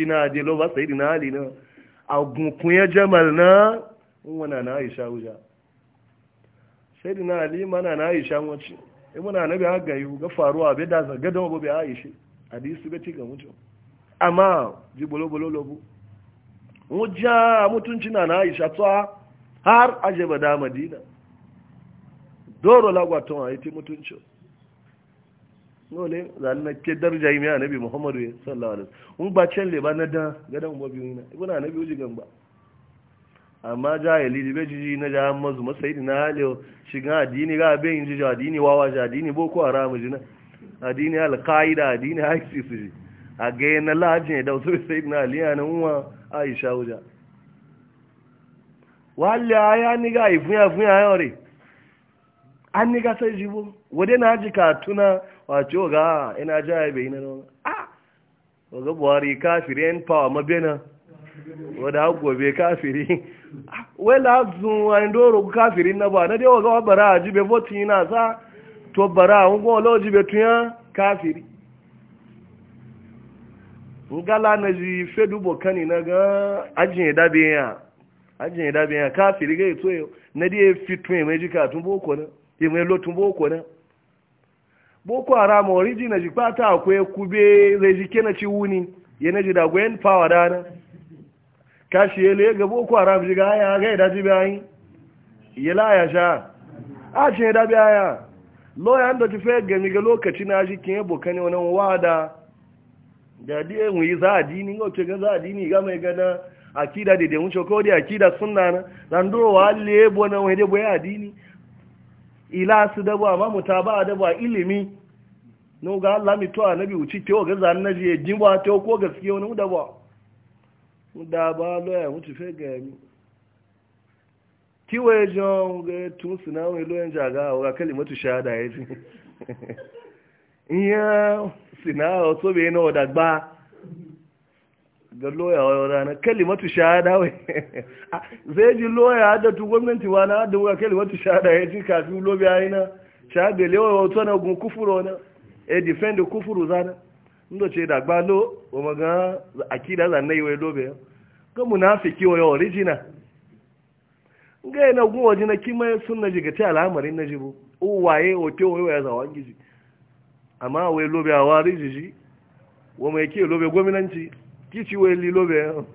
S1: na je lo ba sayidina ali na agunkun ya jamal na wana na aisha wuja na ali mana na aisha wace in muna nabi hagayu ga faruwa bai da zagadon abu bai aisha hadisi bai ci ga mutum amma ji bolobolo lobu wujja mutunci na na aisha tsawa har ajeba da madina doro lagwaton a yi ti mutunci nole zane na ke darja yi mai anabi muhammadu ya sallawa da un ba can leba na da gadon babu yi na ibina anabi uji gamba amma jahili da bejiji na jihar mazu masayi na halewa shiga adini ga abin yin jiji adini wawa ji adini boko haramu jina adini alka'ida adini haƙi su ji a gaya na lajin ya dautar sai na aliyu na nwa aisha wuja wale aya niga yi funya funya yore an niga sai jibo wade na ji tuna wato ga ina jaya bai na nuna ah waga buhari kafiri yan pawa mabena wadda gobe kafiri wela zun wani doro kafirin na ba na dai waga wa bara a jibe votin na sa to bara a hungon wala jibe tuya kafiri ngala na ji fedu bokani na ga ajin ya ajin kafiri ga ito yo na di fitu ya meji ka tun boko na ya mai lotun boko na boko haram original ji pata akwai kube zai ji kena ci wuni ya na ji da gwen power da na kashi ya ga boko haram ji ga ya ga da ji bayan ya la ya sha ajin ya dabe ya lo ya ndo ti fe ga mi ga lokaci na ji kin bokani wada da diye eh, mu za addini ga ce ga za addini ga mai gana akida de de mun ko de akida sunna na dan do wa le bo na wai da bo ya addini ila su da ba mu ta ba da ba ilimi no ga Allah mi to anabi uci te ga zan na je jimba te ko gaskiya wani da ba mu da ba lo e mu ti fe ga mi ti we jo ga tu suna wai lo en jaga o ga kalimatu shahada yaji [laughs] iya sinawa so bai na wadda ba ga loya wa rana kalimatu shahada wai zai ji loya da tu gwamnati wa na da wuka kalimatu shahada ya ji kafin lobi ayi na shahada lewa wa tona gun kufuru na e defend kufuru zana ndo ce da gba lo wa maga akida zan nayi wai lobe ga munafiki wa original ga yana gun waje na kima sunna jiga ta al'amarin najibu o waye o te o ya zawan gizi amma wai lobe a wari shi wa mai ke lobe gominanci kici wai li lobe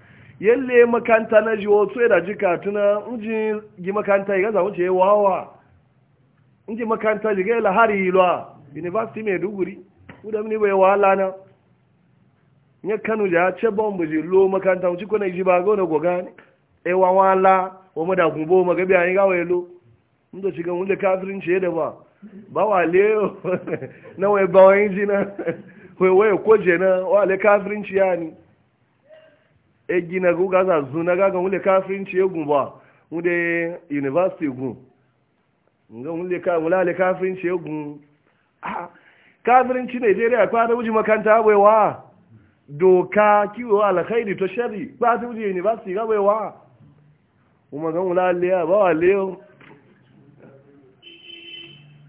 S1: [laughs] yalle makanta na ji wato yada ji katuna inji gi makanta ya gaza wuce wawa inji makanta ji lahari yi lwa? university mai duguri kuda ni bai wahala na ya kanu ya ce bombu ji lo makanta wuce kuna ji ba gona goga ne e wa wala wa mada da kumbo magabi an ga wai lo mun shiga mun kafirin ce da ba bawa leo na wai bawa inji na wai wai koje na wale kafirinci ya ni e gina guga za zuna gaga wule kafirinci ya gumba wule university gun nga wule ka wula le kafirinci ya gum ah kafirinci Nigeria kwa da uji makanta wa? doka kiwo alkhairi to shari ba ta uji university gabewa kuma ga wula le bawa leo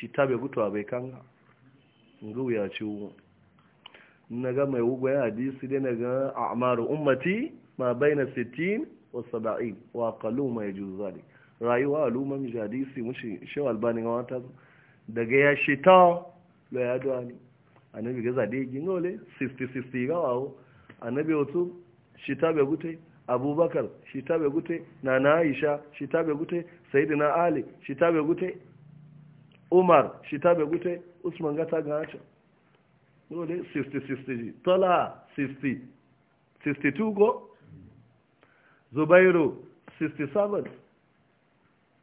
S1: shitabe tabe gutuwa bai kanga ruya ci wu na mai wugwa ya hadisi dai na ga a'maru ummati ma baina 60 wa 70 wa qalu ma yajuz zalik rayuwa aluma mi hadisi mushi shehu albani ga wata daga ya shita lo ya do ani annabi ga zade gingole 60 60 ga wawo annabi otu shitabe be gutai abubakar shitabe be gutai nana aisha shita be sayyidina ali shitabe be umar shi ta begute usman gata ga hacin dole 60-60 tola 60 62 go zubairu 67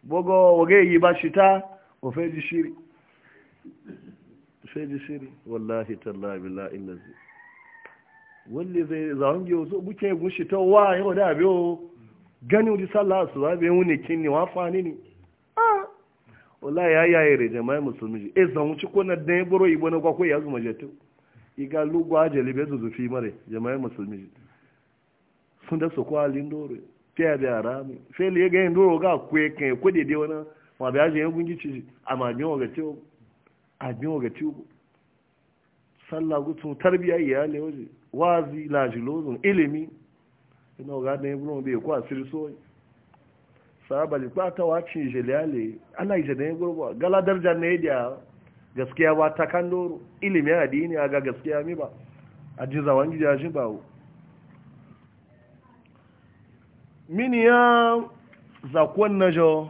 S1: bogo wage yi ba shi ta ofeji shiri ofeji shiri wallahi tallahi billahi illazi wanda zai zaun ge wasu buke gushi ta wa yau da biyo gani wani sallah su ba biyu ne kin wa fani ne wallahi ya yaye re jama'i musulmi ji eh, e zan na dan boro ibo na kwakwo ya zuma jetu iga lugu ajali be zuzu fi mare jama'i musulmi ji sun ali su ko alin dore fiya da arami fe le ga ndoro ga kwe kan ko de de wana ma ba je gungi ci amma nyo ga tiwo a nyo ga tiwo sallah gutun tarbiya ya le wazi wazi lajilozun ilimi ina ga dan boro be ko asiri soyi sahaba ne ba ta wace jeliyale ana yi janayin gurba galadar darajar gaskiya ba ta kan doro a dini a ga gaskiya mi ba a ji zawon gidajen bawo mini ya zakon na jo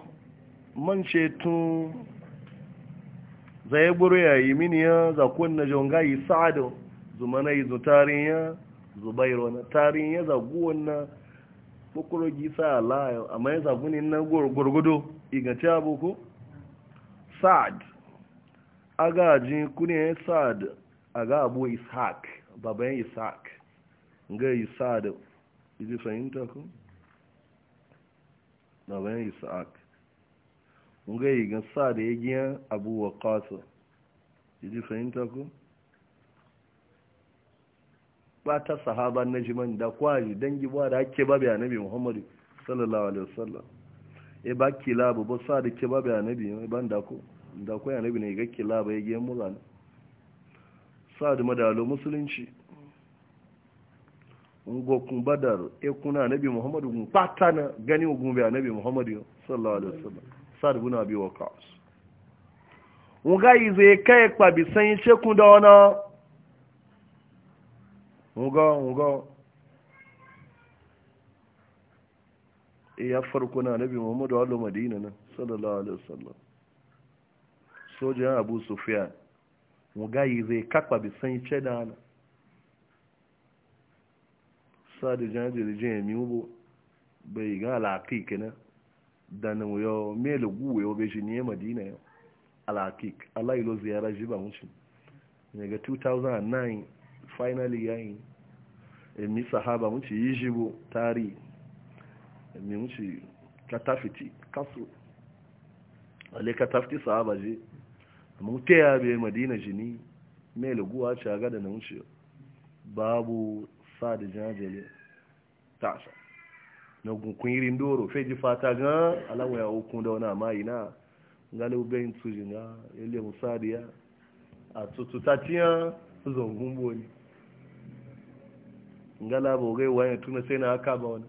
S1: man ce tun zai gburu ya yi mini ya zakon na jo ga yi sa'adu zuma na yi zutarin ya zubairu na tarin ya zagu wannan kokoro gi sa layo amma ya sabu ne na gwargwado iganci aboko sa'ad agajin kuniyar sa'ad aga abu ishaq baban ishaq nga ishaq iji fahimta ku baban ishaq nga igan sa'ad ya giyan abu wa kasa iji fahimta ku bata sahaba na jiman da kwaji don ba da hake babu ya nabi muhammadu sallallahu alaihi wasallam e ba kilabu ba sa da ke babu ya nabi mai e ban da ko da ko nabi ne ga kilaba ya ge mula ne sa da madalo musulunci ngo badar e kuna nabi muhammadu kun pata na gani ugun ya nabi muhammadu sallallahu alaihi wasallam sa da buna abi waqas ngai zai e kai e kwabi san shekun da ngo ngo eh, ya farko na nabi muhammadu wa madina na sallallahu alaihi wasallam sojan abu sufyan mu gayi zai kakpa bi san ce da ana sadi janjiri jin mi ubo bai ga alakik na da na mu yo mele gu yo be shi ne madina yo alakik allah ilo ziyara jiba mun shi ga 2009 finally yayin emi sahaba mun ci yijibo tari emi mun ci katafiti kasu ale katafiti sahaba je mun te ya be madina jini me luguwa ci aga da nan ci babu sadi da ta tasa na gunkun irin doro feji fata ga alawa ya hukun da wani amayi na galibin tujin na ile musadiya a tututatiyan zongun boni ngala ba gai ya tuna sai na haka ba wani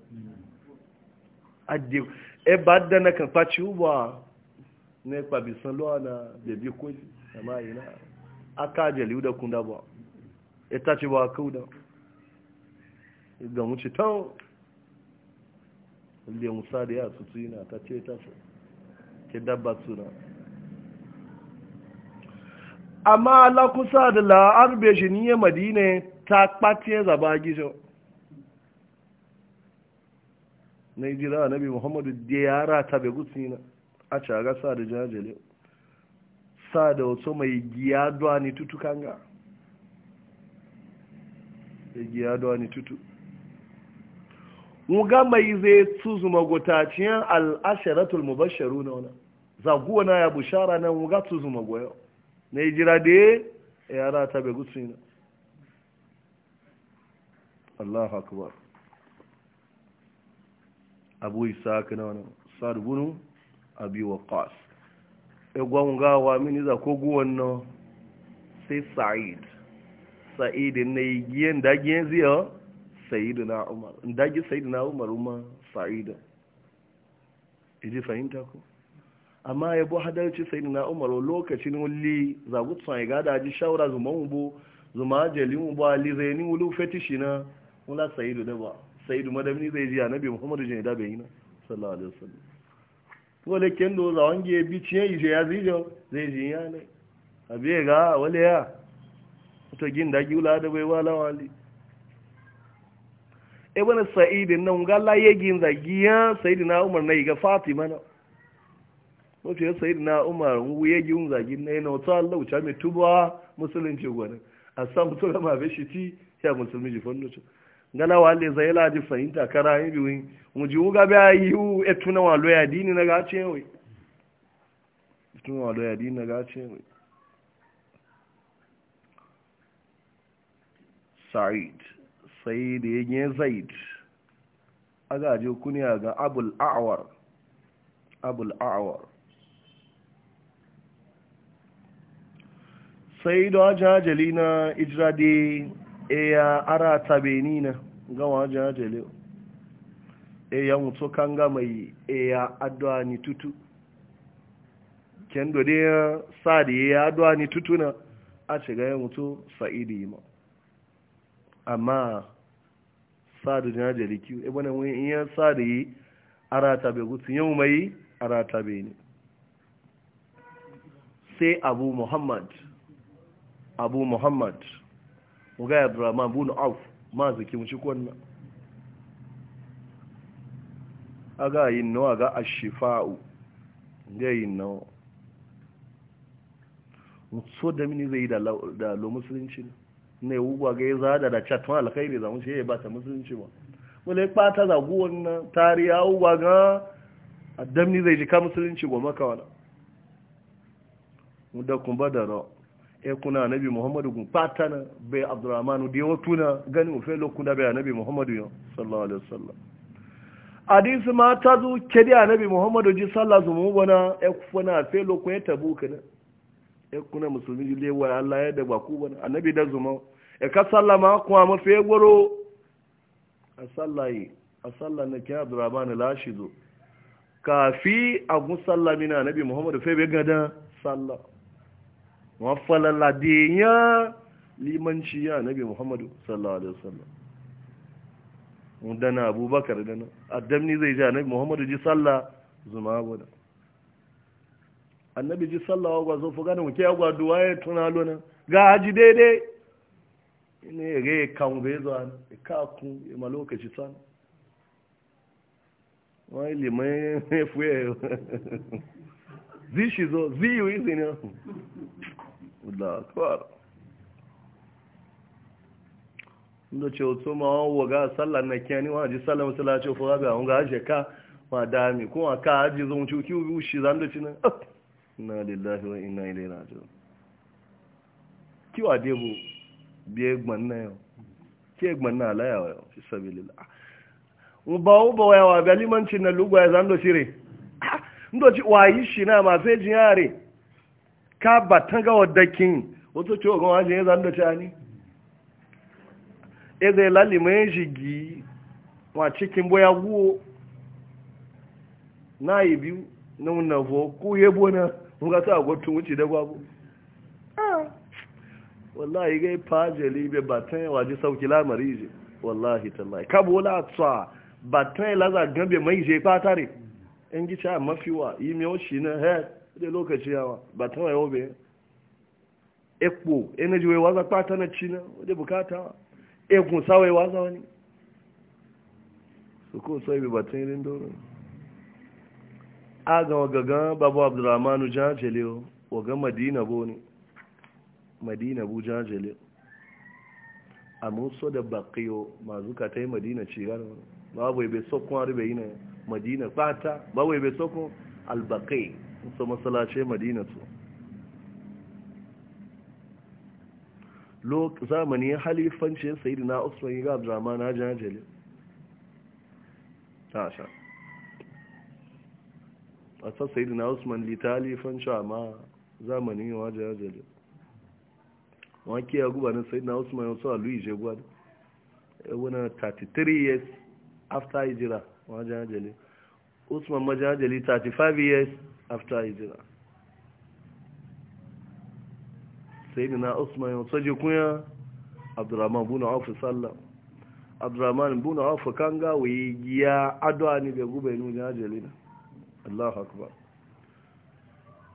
S1: addi e ba da na kan faci uba ne bi san lo na bebi ko amma ina aka jeli da kunda ba e ta ci ba kauda e ga mu ci tawo le musa da ya tutu ina ta ce ta so ke dabba suna amma ala kusa da la'ar bejiniye madina ta kpatiye zaba gizo na jira nabi muhammadu da ya rata bai gutsi na a caga sa da jajale sa da wasu mai giya duwa ni tutu kanga da giya duwa ni tutu muga mai zai tuzu magotaciyar al'asharatul mubasharu na wani zaguwa na ya bushara na muga tuzu magoyo na jira da ya rata bai gutsi na Allah akbar abu isaac na wani sa'ad bunu abi waqas egon gawa mini za ko guwan sai sa'id sa'id ne yiyen dagiyen ziyo sayyidina umar dagi sayyidina umar ma sa'id iji fahimta ko amma ya bu hadarci sayyidina umar lokacin wulli zagutsan ya gada ji shawara zuma mu bu zuma jalin mu ba li zainin wulu na wala sayyidu da ba saidu madamni zai ji annabi muhammadu jini da bai yi na sallallahu alaihi wasallam wale kendo za wange bi ciye ije ya jo zai ji ya ne abiye ga wale ya to gin da giula da bai wala wali e ibn sa'id nan ga la gin da giya sayyidina umar nayi ga fatima na wato sayyidina umar wu da gin nayi na ta Allah ucha mai tuba musulunci gwanin a san ma be shi ti ya musulmi ji fannu ngala wale zai laji fahimta kara yin mu ji wuga ba yi wu etuna wa loya dini na ce wai etuna wa loya dini na ce wai sa'id sai da ya zaid aga je kuniya ga abul a'war abul a'war sai da jajali na ijradi e ya ara tabeni na ga wajen ajiyar e ya mutu kan ga mai e ya addu'a ni tutu ken dode ya sa e ya addu'a ni tutu na a shiga ya mutu sa'idi ma amma sa jana jina jaliki e bane wani iya e sa yi ara tabe gutsu yau mai ara tabe ne sai abu muhammad abu muhammad muga ya abdurrahman bunu auf ma zaki mu ci kwanna aga yin nawa ga ashifa'u ga yin nawa so da mini zai yi da lo musulunci ne wugwa ga ya zada da chatwa alkhairi za mu ce ya ba ta musulunci ba wale kpata za guwan na tariya wugwa ga addamni zai ji ka musulunci goma wala mu da kun ba da rawa e kuna nabi muhammadu gun bai be da di wotuna gani o lokuna bai be nabi muhammadu yau sallallahu alaihi wasallam hadisi ma ta zo kedi nabi muhammadu ji sallah zumu bana e kufana fe lokun ya e ka na e kuna musulmi ji lewa Allah ya da baku bana annabi da zuma e ka sallama kuma ma fe goro a sallayi a sallan na kiyar abdurrahman lashizo kafi a gun sallamina nabi muhammadu fe be gada sallah wafalala da ya limanci ya nabi muhammadu sallallahu alaihi wasallam dana abubakar dana addamni zai ja nabi muhammadu ji sallah zuma abuwa annabi ji salla agwa zo fuga mu ke agwa duwa ya tuna lona ga haji daidai ne ga ya kan bai zo an ka ku ya ma lokaci san wai limai fuye [laughs] zishi zo ziyu izini Allah ndo ce otu ma ga waga na kyani wọn ji sallar masalacin fura ga wọn ga aje ka ma dami kuma ka zan wuce cuki ubi ushi za ndo ci nan na lillahi wa inna ilai na jo kiwa debu biye gban na yau ke gban alaya wa yau fi sabi lillah ba wu ba wa yawa bi alimancin na lugwa ya za ndo shi re ah, ndo wa yi shi na ma fe jiyare ka batan ga wadakin wato ce kuma wajen ya da ta ni e zai lalimai shigi wa cikin boya guwo na yi biyu na munafo ko yabo na ga ta gwatun wuce da gwabo wallahi gai ba ta yi waje sauki lamari je wallahi tallahi kabola tsa batan laza gambe mai je patare in gicha mafiwa yi miyo shi na head da lokaci yawa ba ta wayo be ekpo energy wai waza kwata na china wadda bukata wa ekun sawai waza wani su ko sai bi batun irin doro a ga wagaga babu abdurrahmanu jajele wa ga madina bo ne madina bu jajele a musu da bakiyo masu ka ta yi madina cigar babu bai sokon harbe yi na madina kwata babu bai sokon albakai su masalace madina su zamani ya halifancin sayidu na usman yi ga abdurrahman na janjali ta sha a ta sayidu na usman litali fanci ma zamani wa jajale wake ya guba na sayidu na usman yau a louis jaguar wani 33 years after hijira wajen jajale usman majajali 35 years after hijira sai na usman yau tsaje kunya abdurrahman buna ofi sallam abdurrahman buna ofi kan gawo yi giya adwa ni bai gube nuna ajalina allahu akbar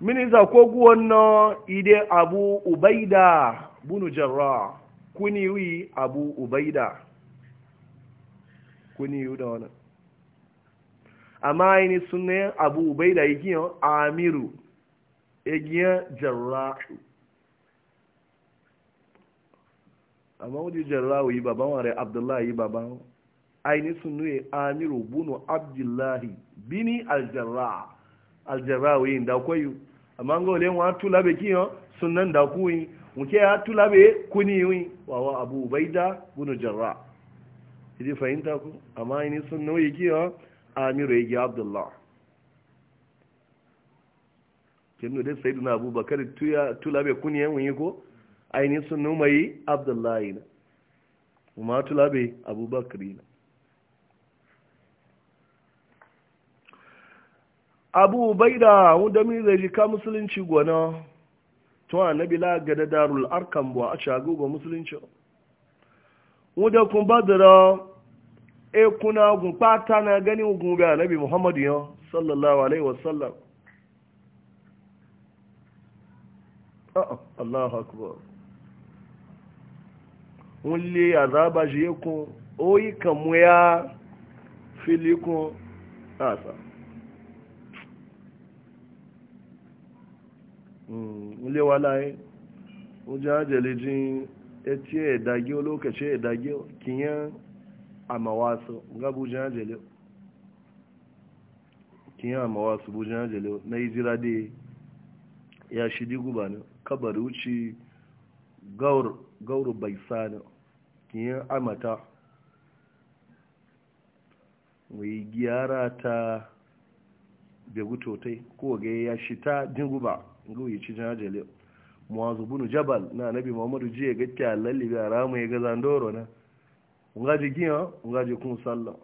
S1: miniza ko guwan na ide abu ubaida bunu jarra kuni wi abu ubaida kuni yi da wannan amma ni suna abu ubaida yigiyan amiru egiyan jarrahu amma wani jarrahu yi baban ware abdullahi yi baban aini yi amiru bunu abdullahi bini aljarra aljarrahu yi da kwayo amma ga wale wa tula be kiyan sunnan da kuyi muke ya tula be kuni yi wawa abu ubaida bunu jarra idi fahimta ku amma aini sunne yigiyan amiru ya abdullah kinu dai sai duna abubakar tula bai kuniya yi ko ainihin sun numayi abdullah na kuma tula bai abubakar na abu da wanda min zai ka musulunci gwana na annabi la gada darul arkan bu a shago ga musulunci wanda kun badara ekuna ogun gun pata na gani gun ga nabi muhammadu yo sallallahu alaihi wasallam ah, Allahu akbar wule azaba je kun oyi kamu ya filikun asa wule walaye wajen ajiyar jin ya ce ya dage lokaci ya kiyan amawasu wasu ga bujan jele kin ya ama wasu jele na izira de ya shidi guba ne kabari wuce gauru baisa ne kin ya amata mai gyara ta da ya shi ta ya shita dinguba ga wuce jan jele muwazu bunu jabal na nabi muhammadu jiya ga kyallalli ga ramu ya ga zandoro na ngaji giya ngaji kun sallah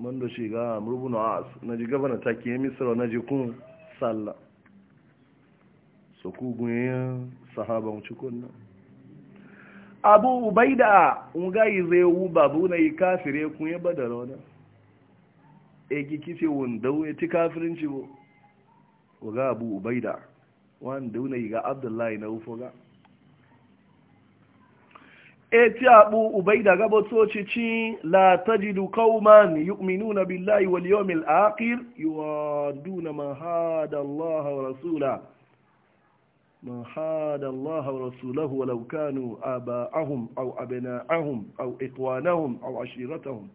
S1: man do shiga murbu na as na ji gabana ta ke misra na ji kun sallah so ku gunye sahaba mu cikon nan abu ubaida ngai zai wu babu na yi kafire kun ya badara wani e gikice wanda ya ti kafirin ci bo ga abu ubaida wanda na yi ga abdullahi na ufo ga eti abu ubaida gabo tsoci la tajidu qauman yu'minuna billahi wal yawmil akhir yuwaduna ma hada Allah wa rasula ma hada Allah wa rasulahu walau kanu aba'ahum aw abna'ahum aw ikhwanahum aw ashiratahum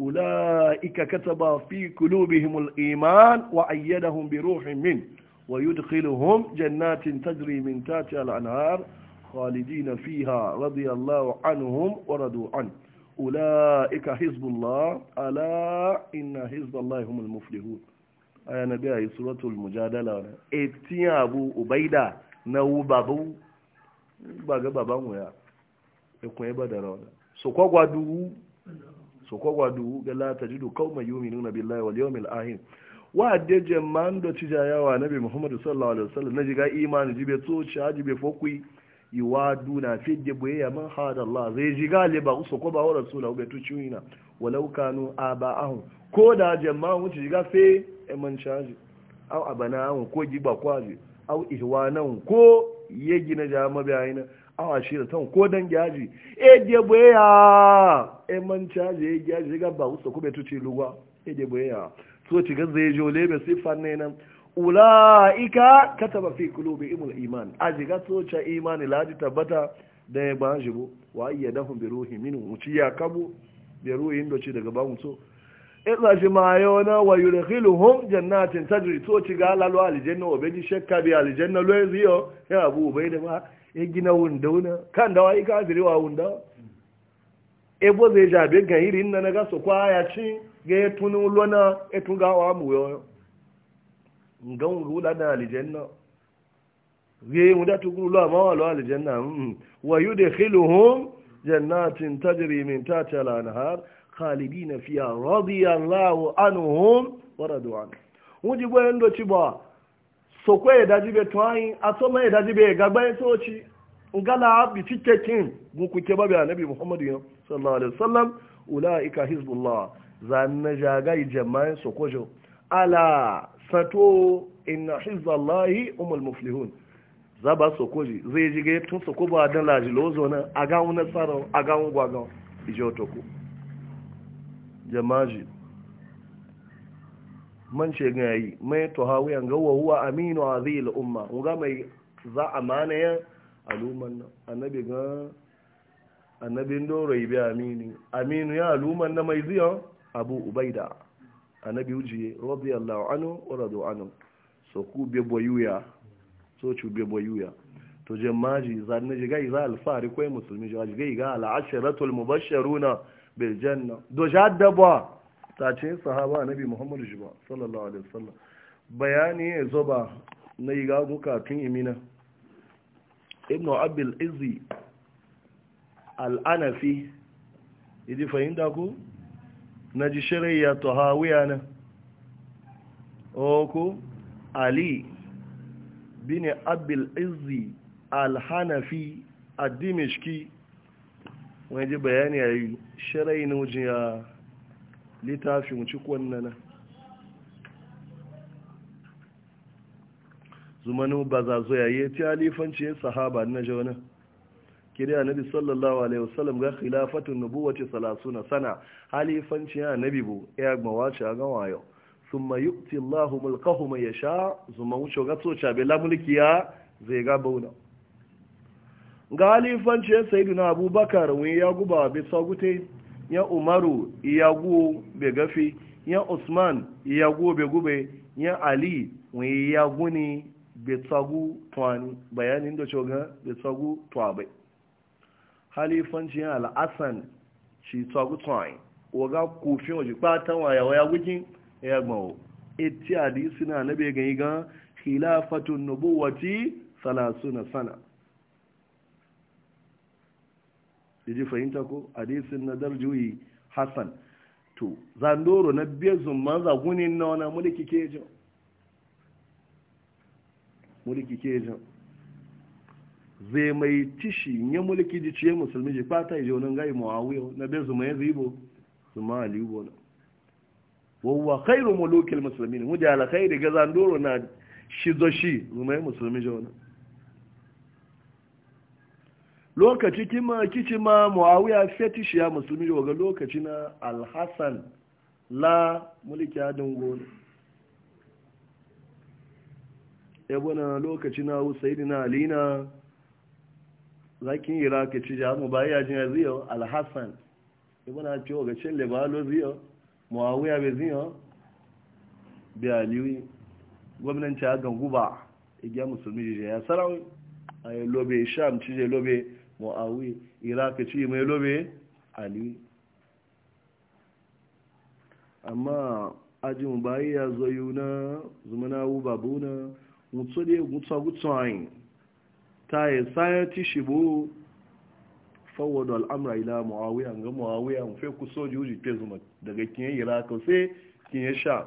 S1: ulaika kataba fi qulubihim al iman wa ayyadahum bi ruhin min ويدخلهم جنات تجري من تحتها الأنهار خالدين فيها رضي الله عنهم ورضوا عنه أولئك حزب الله ألا إن حزب الله هم المفلحون suratul mujadala wani etin abu ubaida na babu ba ga baban wuya da rauna duhu so kwagwa duhu ga lata jidu nuna billahi wal yawmil al'ahim. wa de jama'an da ci nabi muhammadu sallallahu alaihi wasallam na jiga imani jibe tsoci haji be fokwi iwaduna fidde ya man hada Allah zai ji gale ba kusa ko ba wa rasula ube tu ciwina walau kanu aba'ahum ko da jama'a wuce shiga gafe? e man caji aw abana'ahum ko giba kwaji aw ihwanan ko ya gina jama aina? aw ashira tan ko dan gaji e de boyayya e man caji e gaji ga ba uso ko be tu ci lugwa e de boyayya so ci ga zai jole be sifan ne nan ula'ika kataba fi kulubi imul iman a jiga tsoce imani laji tabbata da ya ba shi bu wa iya dafin bi ruhi minu wuci ya kabu bi inda ce daga ba so ina shi ma yona wa yudkhiluhum jannatin tajri to ci ga lalu aljanna wa beji shakka bi aljanna lo ziyo ya abu bai da ma ya gina wunda wuna kan da wai kafiri wa wunda e bo zai jabe ga irin na ga kwaya ci ga tunu lona e tunga wa mu yoyo ngan wula da aljanna ge mu da tukuru lo ma wala aljanna wa yudkhiluhum jannatin tajri min tahtiha al-anhar khalidina fiha radiyallahu anhum wa radu an wuji bo ndo chiba sokwe da jibe twain asoma da jibe gagba sochi ngala bi tikekin gun ku ke babu annabi muhammadu sallallahu alaihi wasallam ulaika hizbullah zan na jagai jama'in sokojo ala fato ina inna hizallahi umar muflihun za ba su koji zai jige tun su ko ba dan laji lozo na a ga wani tsaro a ga wani gwagon ijo to jamaji man ce ga mai to hawi an ga huwa aminu a zai umma wuga mai za amana ya aluman annabi ga annabin doro ibi amini aminu ya aluman na mai ziyan abu ubaida annabi uji radiyallahu anhu wa radu anhu so ku be boyuya so chu be boyuya to je maji zanne je gai za alfari ko musulmi je gai ga al asharatul mubashshiruna bil janna do jadda ta ce sahaba nabi muhammad jiba sallallahu alaihi wasallam bayani zoba zo ba na yi imina ibn abil izi al al'anafi idi fahimta ku na ji shari'a to hawiya na oku ali bin abil izzi alhanafi a dimishki wani ji bayani a yi shari'a na wujin ya littafin cikon nana zumanu ba za zo yayi ta alifanci sahaba na jona a nabi sallallahu alaihi wasallam ga khilafatun ce salasuna sana halifanci ya nabi bu ya gbawa ci a gawa yau sun ma yi allahu mulkahu mai ya sha zuma wuce ga tsoca bela mulki ya zai ga bauna ga halifanci ya saidu na abubakar wani ya guba bai sagute ya umaru ya guo bai gafi ya usman ya guo bai gube ya ali wani ya guni bai tsagu tuwani bayanin da coga bai tsagu tuwa bai halifanci ya al'asan ci tsagu tuwani waga kofin waje fatan waya waya wujin ya gbawo eti hadisi na nabe gani gan khilafatun nubuwati salasuna sana yaji fahimta ko hadisin na darjuyi hassan to zandoro na biyar zumman zagunin na wani mulki kejin mulki kejin zai mai tishi ya mulki jiciye musulmi ji fata ije wani gai muawiyo na biyar zumman ya zibo zuma aliyu bona wawwa musulmi ne muslimin mu da alkhairi doro zandoro na shizo shi zuma musulmi jona lokaci kima kici ma muawiya fetishi ya musulmi ga lokaci na alhassan la mulki adin gona yabona lokaci na husaini na alina zakin iraki ci jamu bayan yajin yanzu yau alhassan ibana cewa ga cin lebalo ziyo muawiya bai ziyo bai aliyu gwamnanci a guba igiya musulmi da ya sarawi a yi lobe sham ci je lobe muawiya iraq ci mai lobe Ali. amma ajin bayi ya zo yi na zumana babu na mutu ne gutsa ayin ta yi sayar ci shibu fawwada al'amra ila muawiya ga muawiya mu fe ku soji uji te zuma daga kin iraq sai kin sha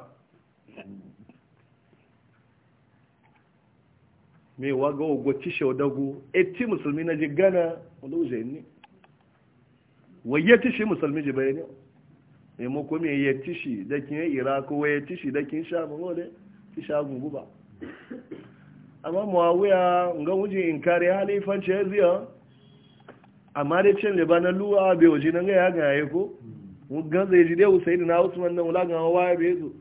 S1: me wa waga sha shaudagu eti musulmi na jigana wanda uje ni ti shi musulmi ji bayani me mo ko me ti shi da kin waye ti shi da kin sha mu wale ki sha guguba amma muawiya ga uje inkari halifan ya ziya amma dai cin liba na luwa bai waje nan ga ya ga ko Mu ga zai ji dai da na usman nan wula ga waye bai zo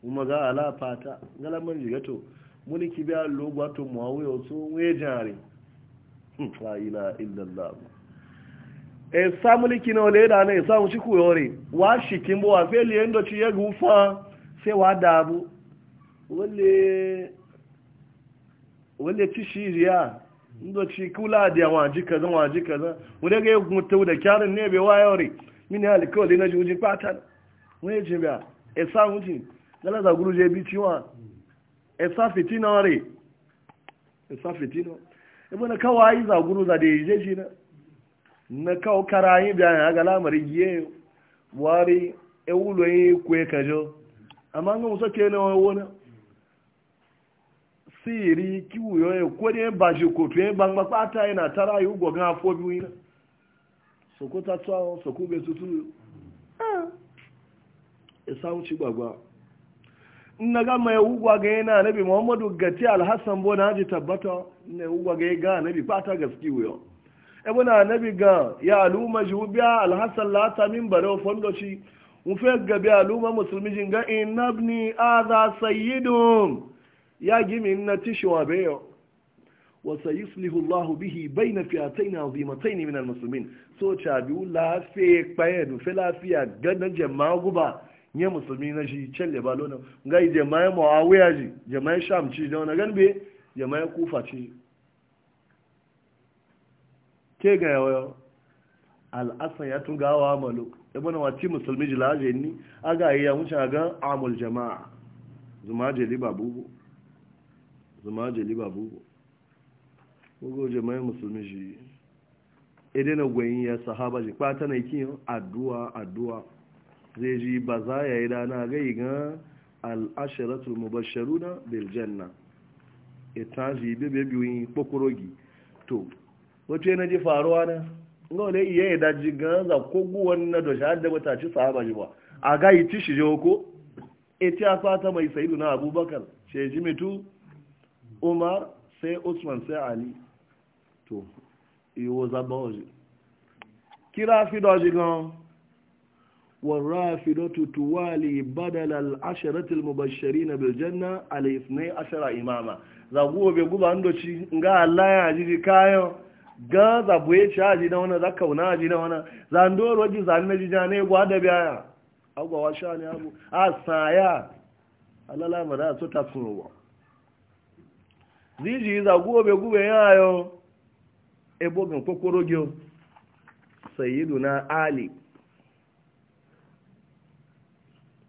S1: kuma ga ala fata ngala man jiga to mulki bi allo gwato muawiya so we jare la illa illallah e sa mulki na wale da ne sa shi ku kuyore wa shi bo wa feli ndo ci ya gufa sai wa dabu wale wale ci ya ndoci kula da yawa ji kaza wa ji kaza wani ga da kyarin ne bai wa yawari mini na jujin fatan wani ce biya e wuce gala za guru je bi ciwa esa sa fitina ware e sa fitina e kawai za guru za da je na kawo karayi biya ya ga lamarin giye wari e wulo yi kwe kajo amma ga musa ke siri kiwuyo ya ba baji kotu ya ban mafata yana ta rayu gwagon afo biyu na soko ta tsawo soko be tutu ya ah. samu gbagba nna na gama ya ugwa ga yana nabi muhammadu gati alhassan bo na ji tabbata na ugwa ga ya ga nabi fata gaski wuyo ebe na nabi ga ya aluma ji biya alhassan lata min bare fondoci mu fe aluma musulmi jinga inabni aza sayyidun ya gimi na tishiwa bayo wasa yuslihu Allah bihi bayna fiyatayn azimatayn min almuslimin so cha biu la fe paye du fe la fiya gadan jama'a guba nye musulmi na shi challe balona ngai jama'a muawiya ji jama'a sham ci da wannan ganbe jama'a kufa ci ke ga yawo al'asa ya tungawa malo ibn wati musulmi jilaje ni aga ya mun ga amul jama'a zuma je bubu zama jeli bugu ko jama'in musulmi shi idan na gwayin ya sahaba shi kwata na ikin addu'a addu'a zai ji ba za ya yi dana gai ga al'asharatul mubasharu na janna ita ji bebe biyun kokorogi to wato yana ji faruwa na ga wani iya ya daji gan za kogu wannan da shahar da wata ci sahaba shi ba a gayi ci shi je ko e ita fata mai sayidu na abubakar sheji mitu umar sai usman sai ali to iwo zaba oji kira fido ji gan والرافضة توالي بدل العشرة na Biljanna على اثني ashara imama zaguwa bai guba ndoci doci ga Allah ya ji kayan ga ya ci haji na wani zaka wuna haji na wani zandoro waje zane na jijiya ne gwa da biya agwawa sha ne abu a saya Alalama da su ta sun ruwa ziji za gobe gube yayo ebogin kokoro Sayidu na ali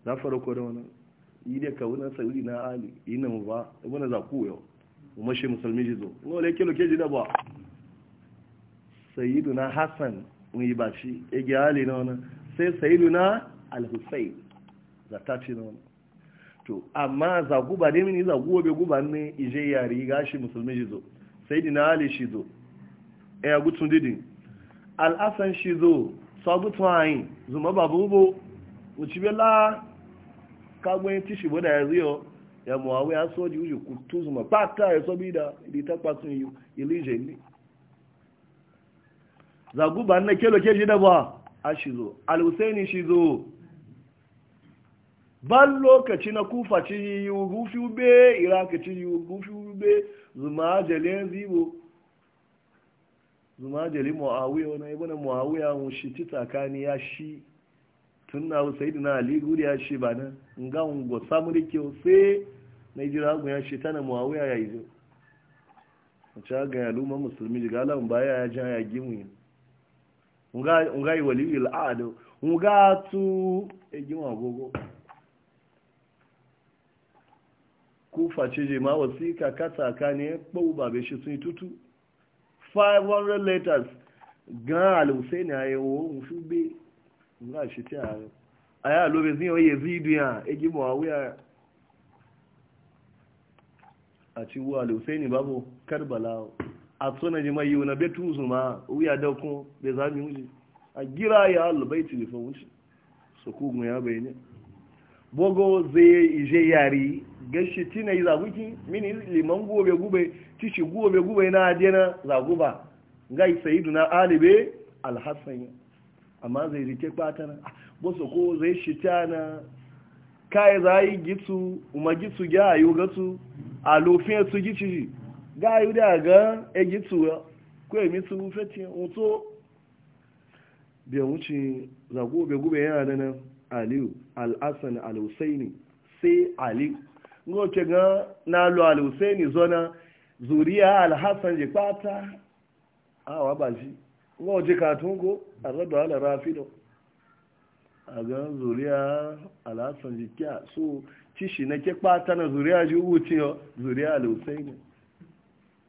S1: na farko e da wani yi da ka wunan sayidu na ali yi na ba wani za ku yau umarshe musulmi ji zo kilo ke ji da Sayidu na hassan yi ba shi ege ali na wani sai na al-hussein za ta na wani to amma za guba dai mini za gobe guba ne ije yari gashi musulmi shi zo sai dina ali shi zo e, shi zo zuma boda ya ya ya soji kutu zuma pata ya sobi da ilita kwasun ne kelo da ba shi zo al-husaini shi zo ban lokaci na kufa ci yi rufi ube iraki ci yi rufi ube zuma jale zibo zuma jale muawiya wani ibi na muawiya mun shi ti tsakani ya shi tun na usaidu na ali ya shi ba na nga ngo samurike sai na jira ya shi tana muawiya ya yi wace aga ya luma musulmi daga alamun baya ya jan ya gimu nga yi waliyu al'adu nga tu egimu agogo ku ce je ma wasiƙa ka tsakanin ɓau ba be shi sun tutu 500 letters gan alhussein ya yi wo musu be nga shi ta yaro a yi alobe zai oye zidu ya egi mawa wuya a ci wuwa alhussein babu karbala a tsona ji mai yiwu na betu su ma wuya daukun bai zami wuce a gira ya alubai telefon wuce su kogun ya bayyana bogo zai ije yari gashi tina yi zaguki mini liman gobe gube tishi gobe gube na adena zaguba gai sayidu na alibe alhassan amma zai rike kwatana ah, bosu ko zai shita na kai zai yi gitsu uma gitsu ga ayo gatsu a lofin su gici ga ayo da ga e gitsu ko emi su feti wuto gube yana da nan aliyu al’asani al'usaini sai ali ngoce ga nalo al'usaini zona zuriya al'asan je kwata awa ba shi ngoce katungo a rabu ala rafido a ga zuriya al'asan ji kya so cishi na ke kwata na zuriya ji wuce zuriya al'usaini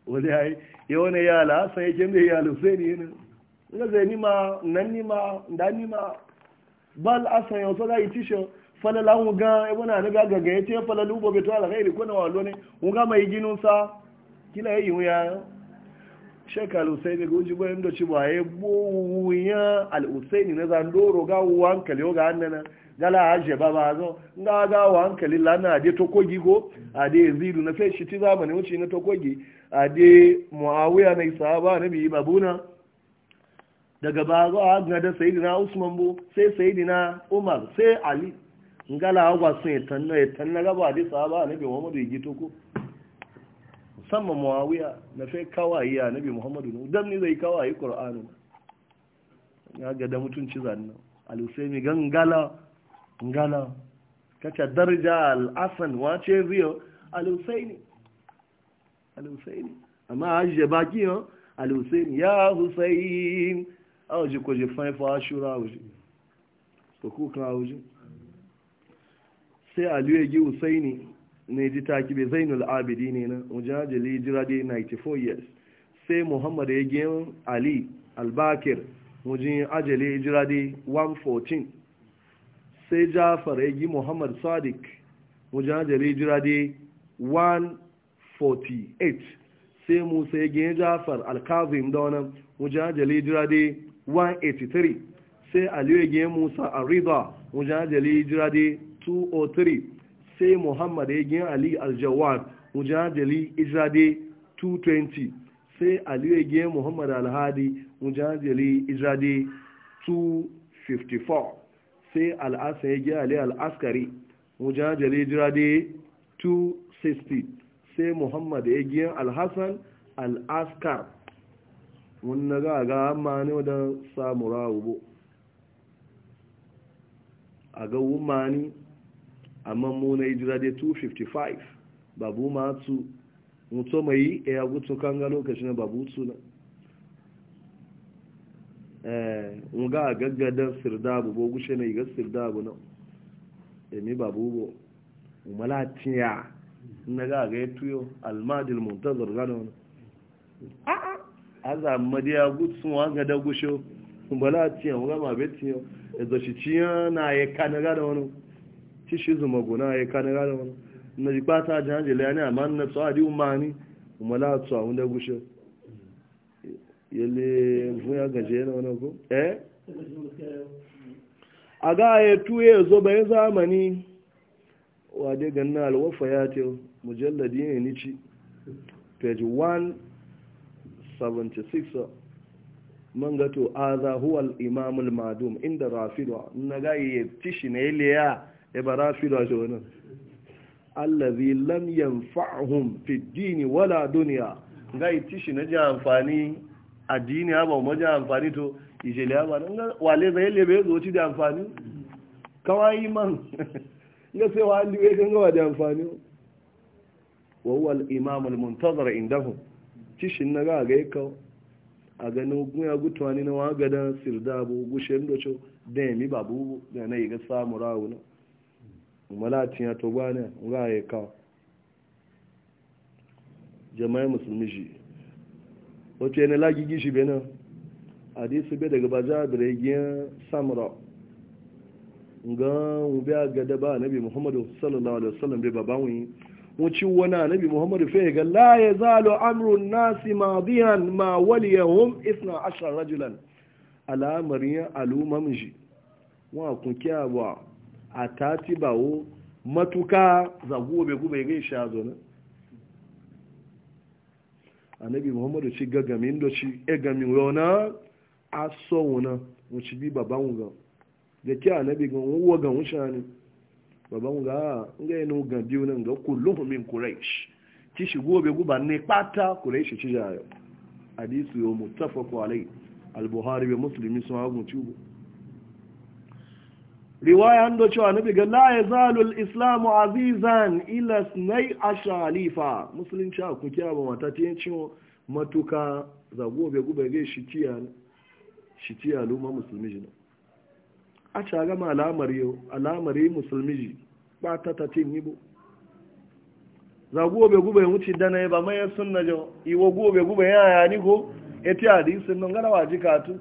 S1: wani ya yi yawan ya al'asan ya kemgbe ya al'usaini yana nga zai nima nan nima da nima bal asan yau soga yi tisho falala wuga ebona ne ga ce, yace falala ubo beto ala gairi wa walo ne ga mai ginu sa kila yi wuya shekaru sai ne ga ba inda ci ba ya bo ya al ne na zandoro ga wan kale ga annana gala aje baba zo nga ga wan kale lana ade tokogi go ade zidu na fe shi ti zamani wuce na tokogi ade muawiya na isaba nabi babuna daga ba a ga da sayidina usman bu sai sayidina umar sai ali ngala agwa sun yi tanna ya tanna disa ba sahaba nabi muhammadu ya gito ku musamman muawiya na fai kawai ya nabi muhammadu ne dan ni zai kawai qur'ani ya ga da mutunci zanna alusemi gan ngala ngala kacha darja al'asan asan wace riyo al-usaini al-usaini amma ajiye baki yau al ya husain a waje kwaje faifa ashura a waje hukukan a waje sai aliyu ya gi usaini ne ji taki bai zainul abidi ne na mujajali jira dai 94 years sai muhammad ya gi ali albakir mujin ajali jira dai 114 sai jafar ya gi muhammad sadiq mujajali jira dai 148 sai musa ya gi jafar alkazim da wani mujajali jira dai 183 sai aliyu ya musa a rida wajen ajali jirade 203 sai muhammadu ya gina ali aljawar wajen ajali jirade 220 sai aliyu ya gina muhammad alhadi wajen ajali jirade 254 sai al'asa ya gina ali al'askari wajen ajali jirade 260 sai muhammadu ya gina alhassan al'askar wani ga ga amma ne da samura ubo a ga wumani amma mu na hijira dai 255 babu su mutu mai ya eh, gutu kan ga lokacin babu su na eh ga gaggadan sirdabu bo gushe ne ga sirdabu na ni eh, babu bo malatiya na ga ga tuyo almadil muntazir gano a aza madiya gutsun wa ga da gusho bala tiyan ga ma be tiyan ezo shi tiyan na ye kanaga da wono ti shi zuma gona ye kanaga da wono na ji pata janje le ani aman na so adi umani umala tso a da gusho yele vuya e? ga je na wono ko eh aga ye tuye zo bai zamani wa de ganna alwafa ya te mujalladi ne ni ci page 1 76 man gato aza huwa al’imamul madum inda rafidwa na ya yi shi na iliya ya e ba rafidwa shi wani allazi lam yanfa'hum fi dini wala duniya gaye yi shi na ji amfani addini ba mu amfani to ijeliya ba na wale zai lebe bai zoci da amfani kawai man [laughs] ga sai wa alliwe ganga wa da amfani wa huwa al’imamul muntazara indahun kishin na ga ga ka a ganin ya gutuwa ni na wagada sirda bu gushen docho da ya mi babu da na yi ga samu rawu na malatin ya to bane ga ya ka jama'a musulmi shi wato yana lagigi shi benin hadisi bai daga baja birgiyar samura ga wube a gada ba nabi muhammadu sallallahu alaihi wasallam bai babawun wucin wani annabi muhammad fe ga la ya zalo amrun nasi ma biyan ma waliyahum isna ashar rajulan al'amarin aluman shi wa kun kyawa a tati bawo matuka zagu obe gube gai sha zona annabi muhammad ci gagamin da ci egamin yona aso wona wuci bi baban wuga da ke annabi ga wuwa ga wuce ne baban ga nga yanu ga biyu nan ga kulluhu min quraish ki shigo gobe guba ne pata quraish ci jayo hadisi yo muttafaqu alai al bukhari wa muslim sun hagu tubu riwaya an do cewa nabi ga la yazalu al-islam azizan ila sunai ashalifa muslim cha ku kiya ba mata tin ciwo matuka za gobe guba ga shi tiya shi tiya luma musulmi jina a caga ma alamar yau musulmi ji ba ta ta tin yi bu za gobe gube ya wuce dana ya ba mai na jau iwo gobe gube ya ni ko ya e ti a hadisi nan gara wa ji katu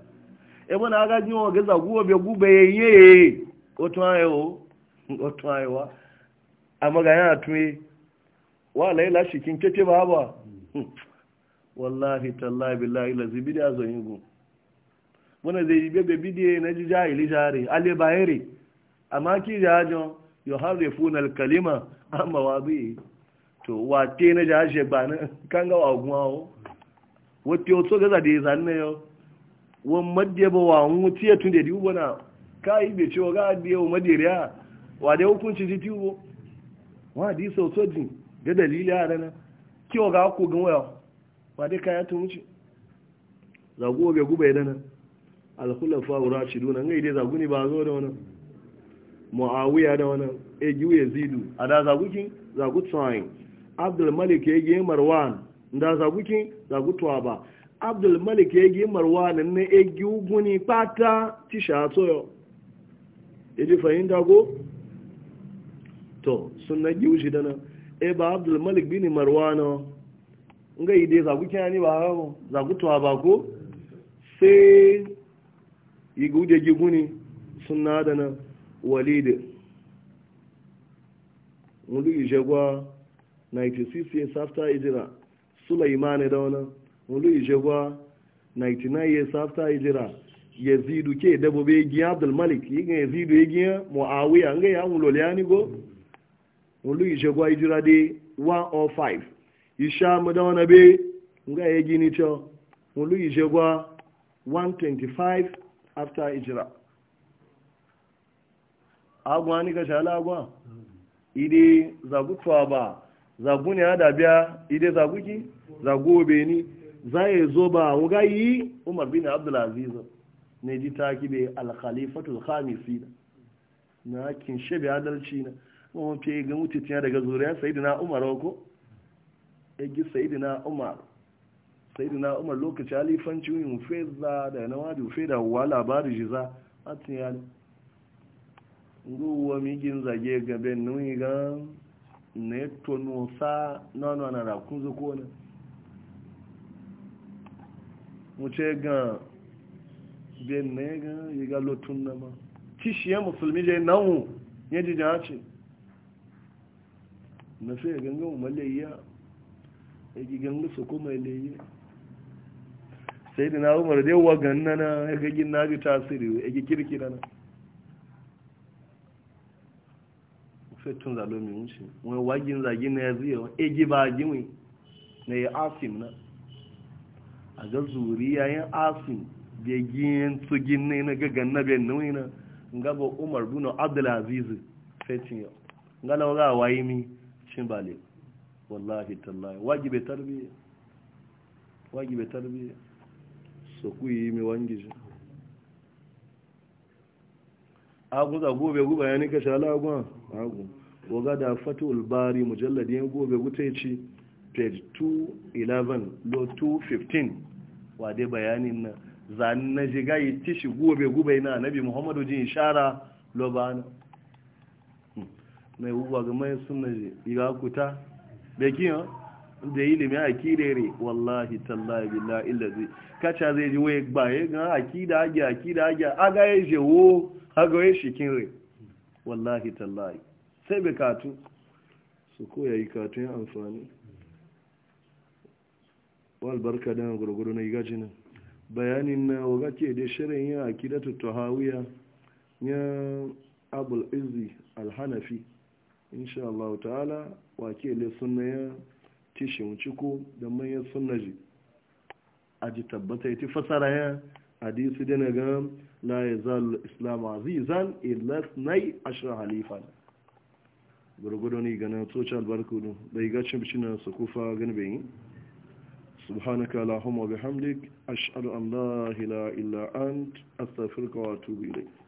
S1: e mana aga ji wa gaza gobe gube ya yi otu ayo otu ayo amma ya na tuye wa alayi lashi kin kete ba ba wallahi tallahi billahi lazibi da zo yin gun wani zai yi bebe bidiye na ji jahili re ale re amma ki jajon yau har da funa kalima amma wa bi to wate na jahashe ba na wa gawa o wata yau so gaza da ya zanna yau wani madiya ba wa mu tiya tun da dubu na ka yi bai cewa ga adiya wa madiya wa da hukunci ji tiubo wa di sau so jin da dalili a rana kiwa ga ku gan waya wa dai kaya tun wuce wa bai guba ya dana alkhulafa urashiduna ngai dai zaguni ba zo da wannan muawiya da wannan egiu eh, yazidu ada zaguki zagu tsayin abdul malik yegi marwan nda zaguki zagu tuwa abdul malik yegi marwan ne egiu guni pata tisha toyo yaji fahimta go to sunna giu shi dana e eh, ba abdul malik bin marwan ngai dai zaguki ani ba zagu tuwa ba ko sai igu da giguni suna da na walid wani ijegwa 96 years ijira sulaiman da wani wani ijegwa 99 years ijira yazidu ke dabobe giya abdulmalik yi ga yazidu ya giya mu'awiya nga ya wulole ya ni go wani ijegwa ijira dai 105 isha mu da wani be nga ya gini cho wani ijegwa 125 after ijira agwa ni ka shala agwa ide zagutwa ba zagu ne ada biya ide zaguki zagu obe ni za e zo ba wuga yi umar bin abdulaziz ne ji ta kibe alkhalifatul khamisi na kin shebe adalci na kuma fi ga mutuciya daga zuriya sayyidina umar ko ya e gi sayyidina umar sai na umar lokaci alifanci yin feza da na waje fe da wa labarin shi za a tiyani ruwa migin zage gabe nuni ga netonosa tono sa nono na rakun zuko ne mu ce ga benin ga yi ga lotun na ma kishiyar musulmi zai nanu ya ji ce na sai gangan umarlayya ya ji gangan su kuma ilayya sai dina na umar dai wagan nana ya gagin na ji tasiri ya gi kirki na fetun zalo mai wuce wani wagin zagi na ya ziyo ya gi ba gini na ya asim na a ga zuriya yin asim da giyan tsugin ne na gagan na ben nauyi na gaba umar buno abdulaziz fetin yau gana waga wayi mi cin bale wallahi tallahi wajibe tarbiyya wajibe tarbiyya so ku yi mi wangi shi agun za gobe guba ya nika shala agun agun da fatu bari mujalladi yan gobe gutai ce page 211 lo 215 wa dai bayanin na zanen na jiga yi tishi gobe guba na nabi muhammadu jin ishara lo bana hmm. mai uwa ga mai suna ji iga kuta bekin da ilimi akida re wallahi tallahi billahi illazi kacha zai ji waye gbaye eh, ga akida age akida age aga ye je aga ye shikin re wallahi tallahi sai be katu su ko yayi katu ya amfani wal barka dan gurguru na gaji nan bayanin na waga ke da shirin ya akida tutahawiya ya abul izzi al hanafi insha Allah ta'ala wa ke le sunna ya Tishin wuce ko da manyan sunnaji a ji tabbata ya ti fasara ya hadisi da na ga la ya zalu islam azizan illas nai ashirin halifa gurgudu ne gana tsoci albarku don bai ga bishin na su kufa gani bai yi subhanaka allahumma bihamdik ashhadu an la illa ant astaghfiruka wa atubu ilayk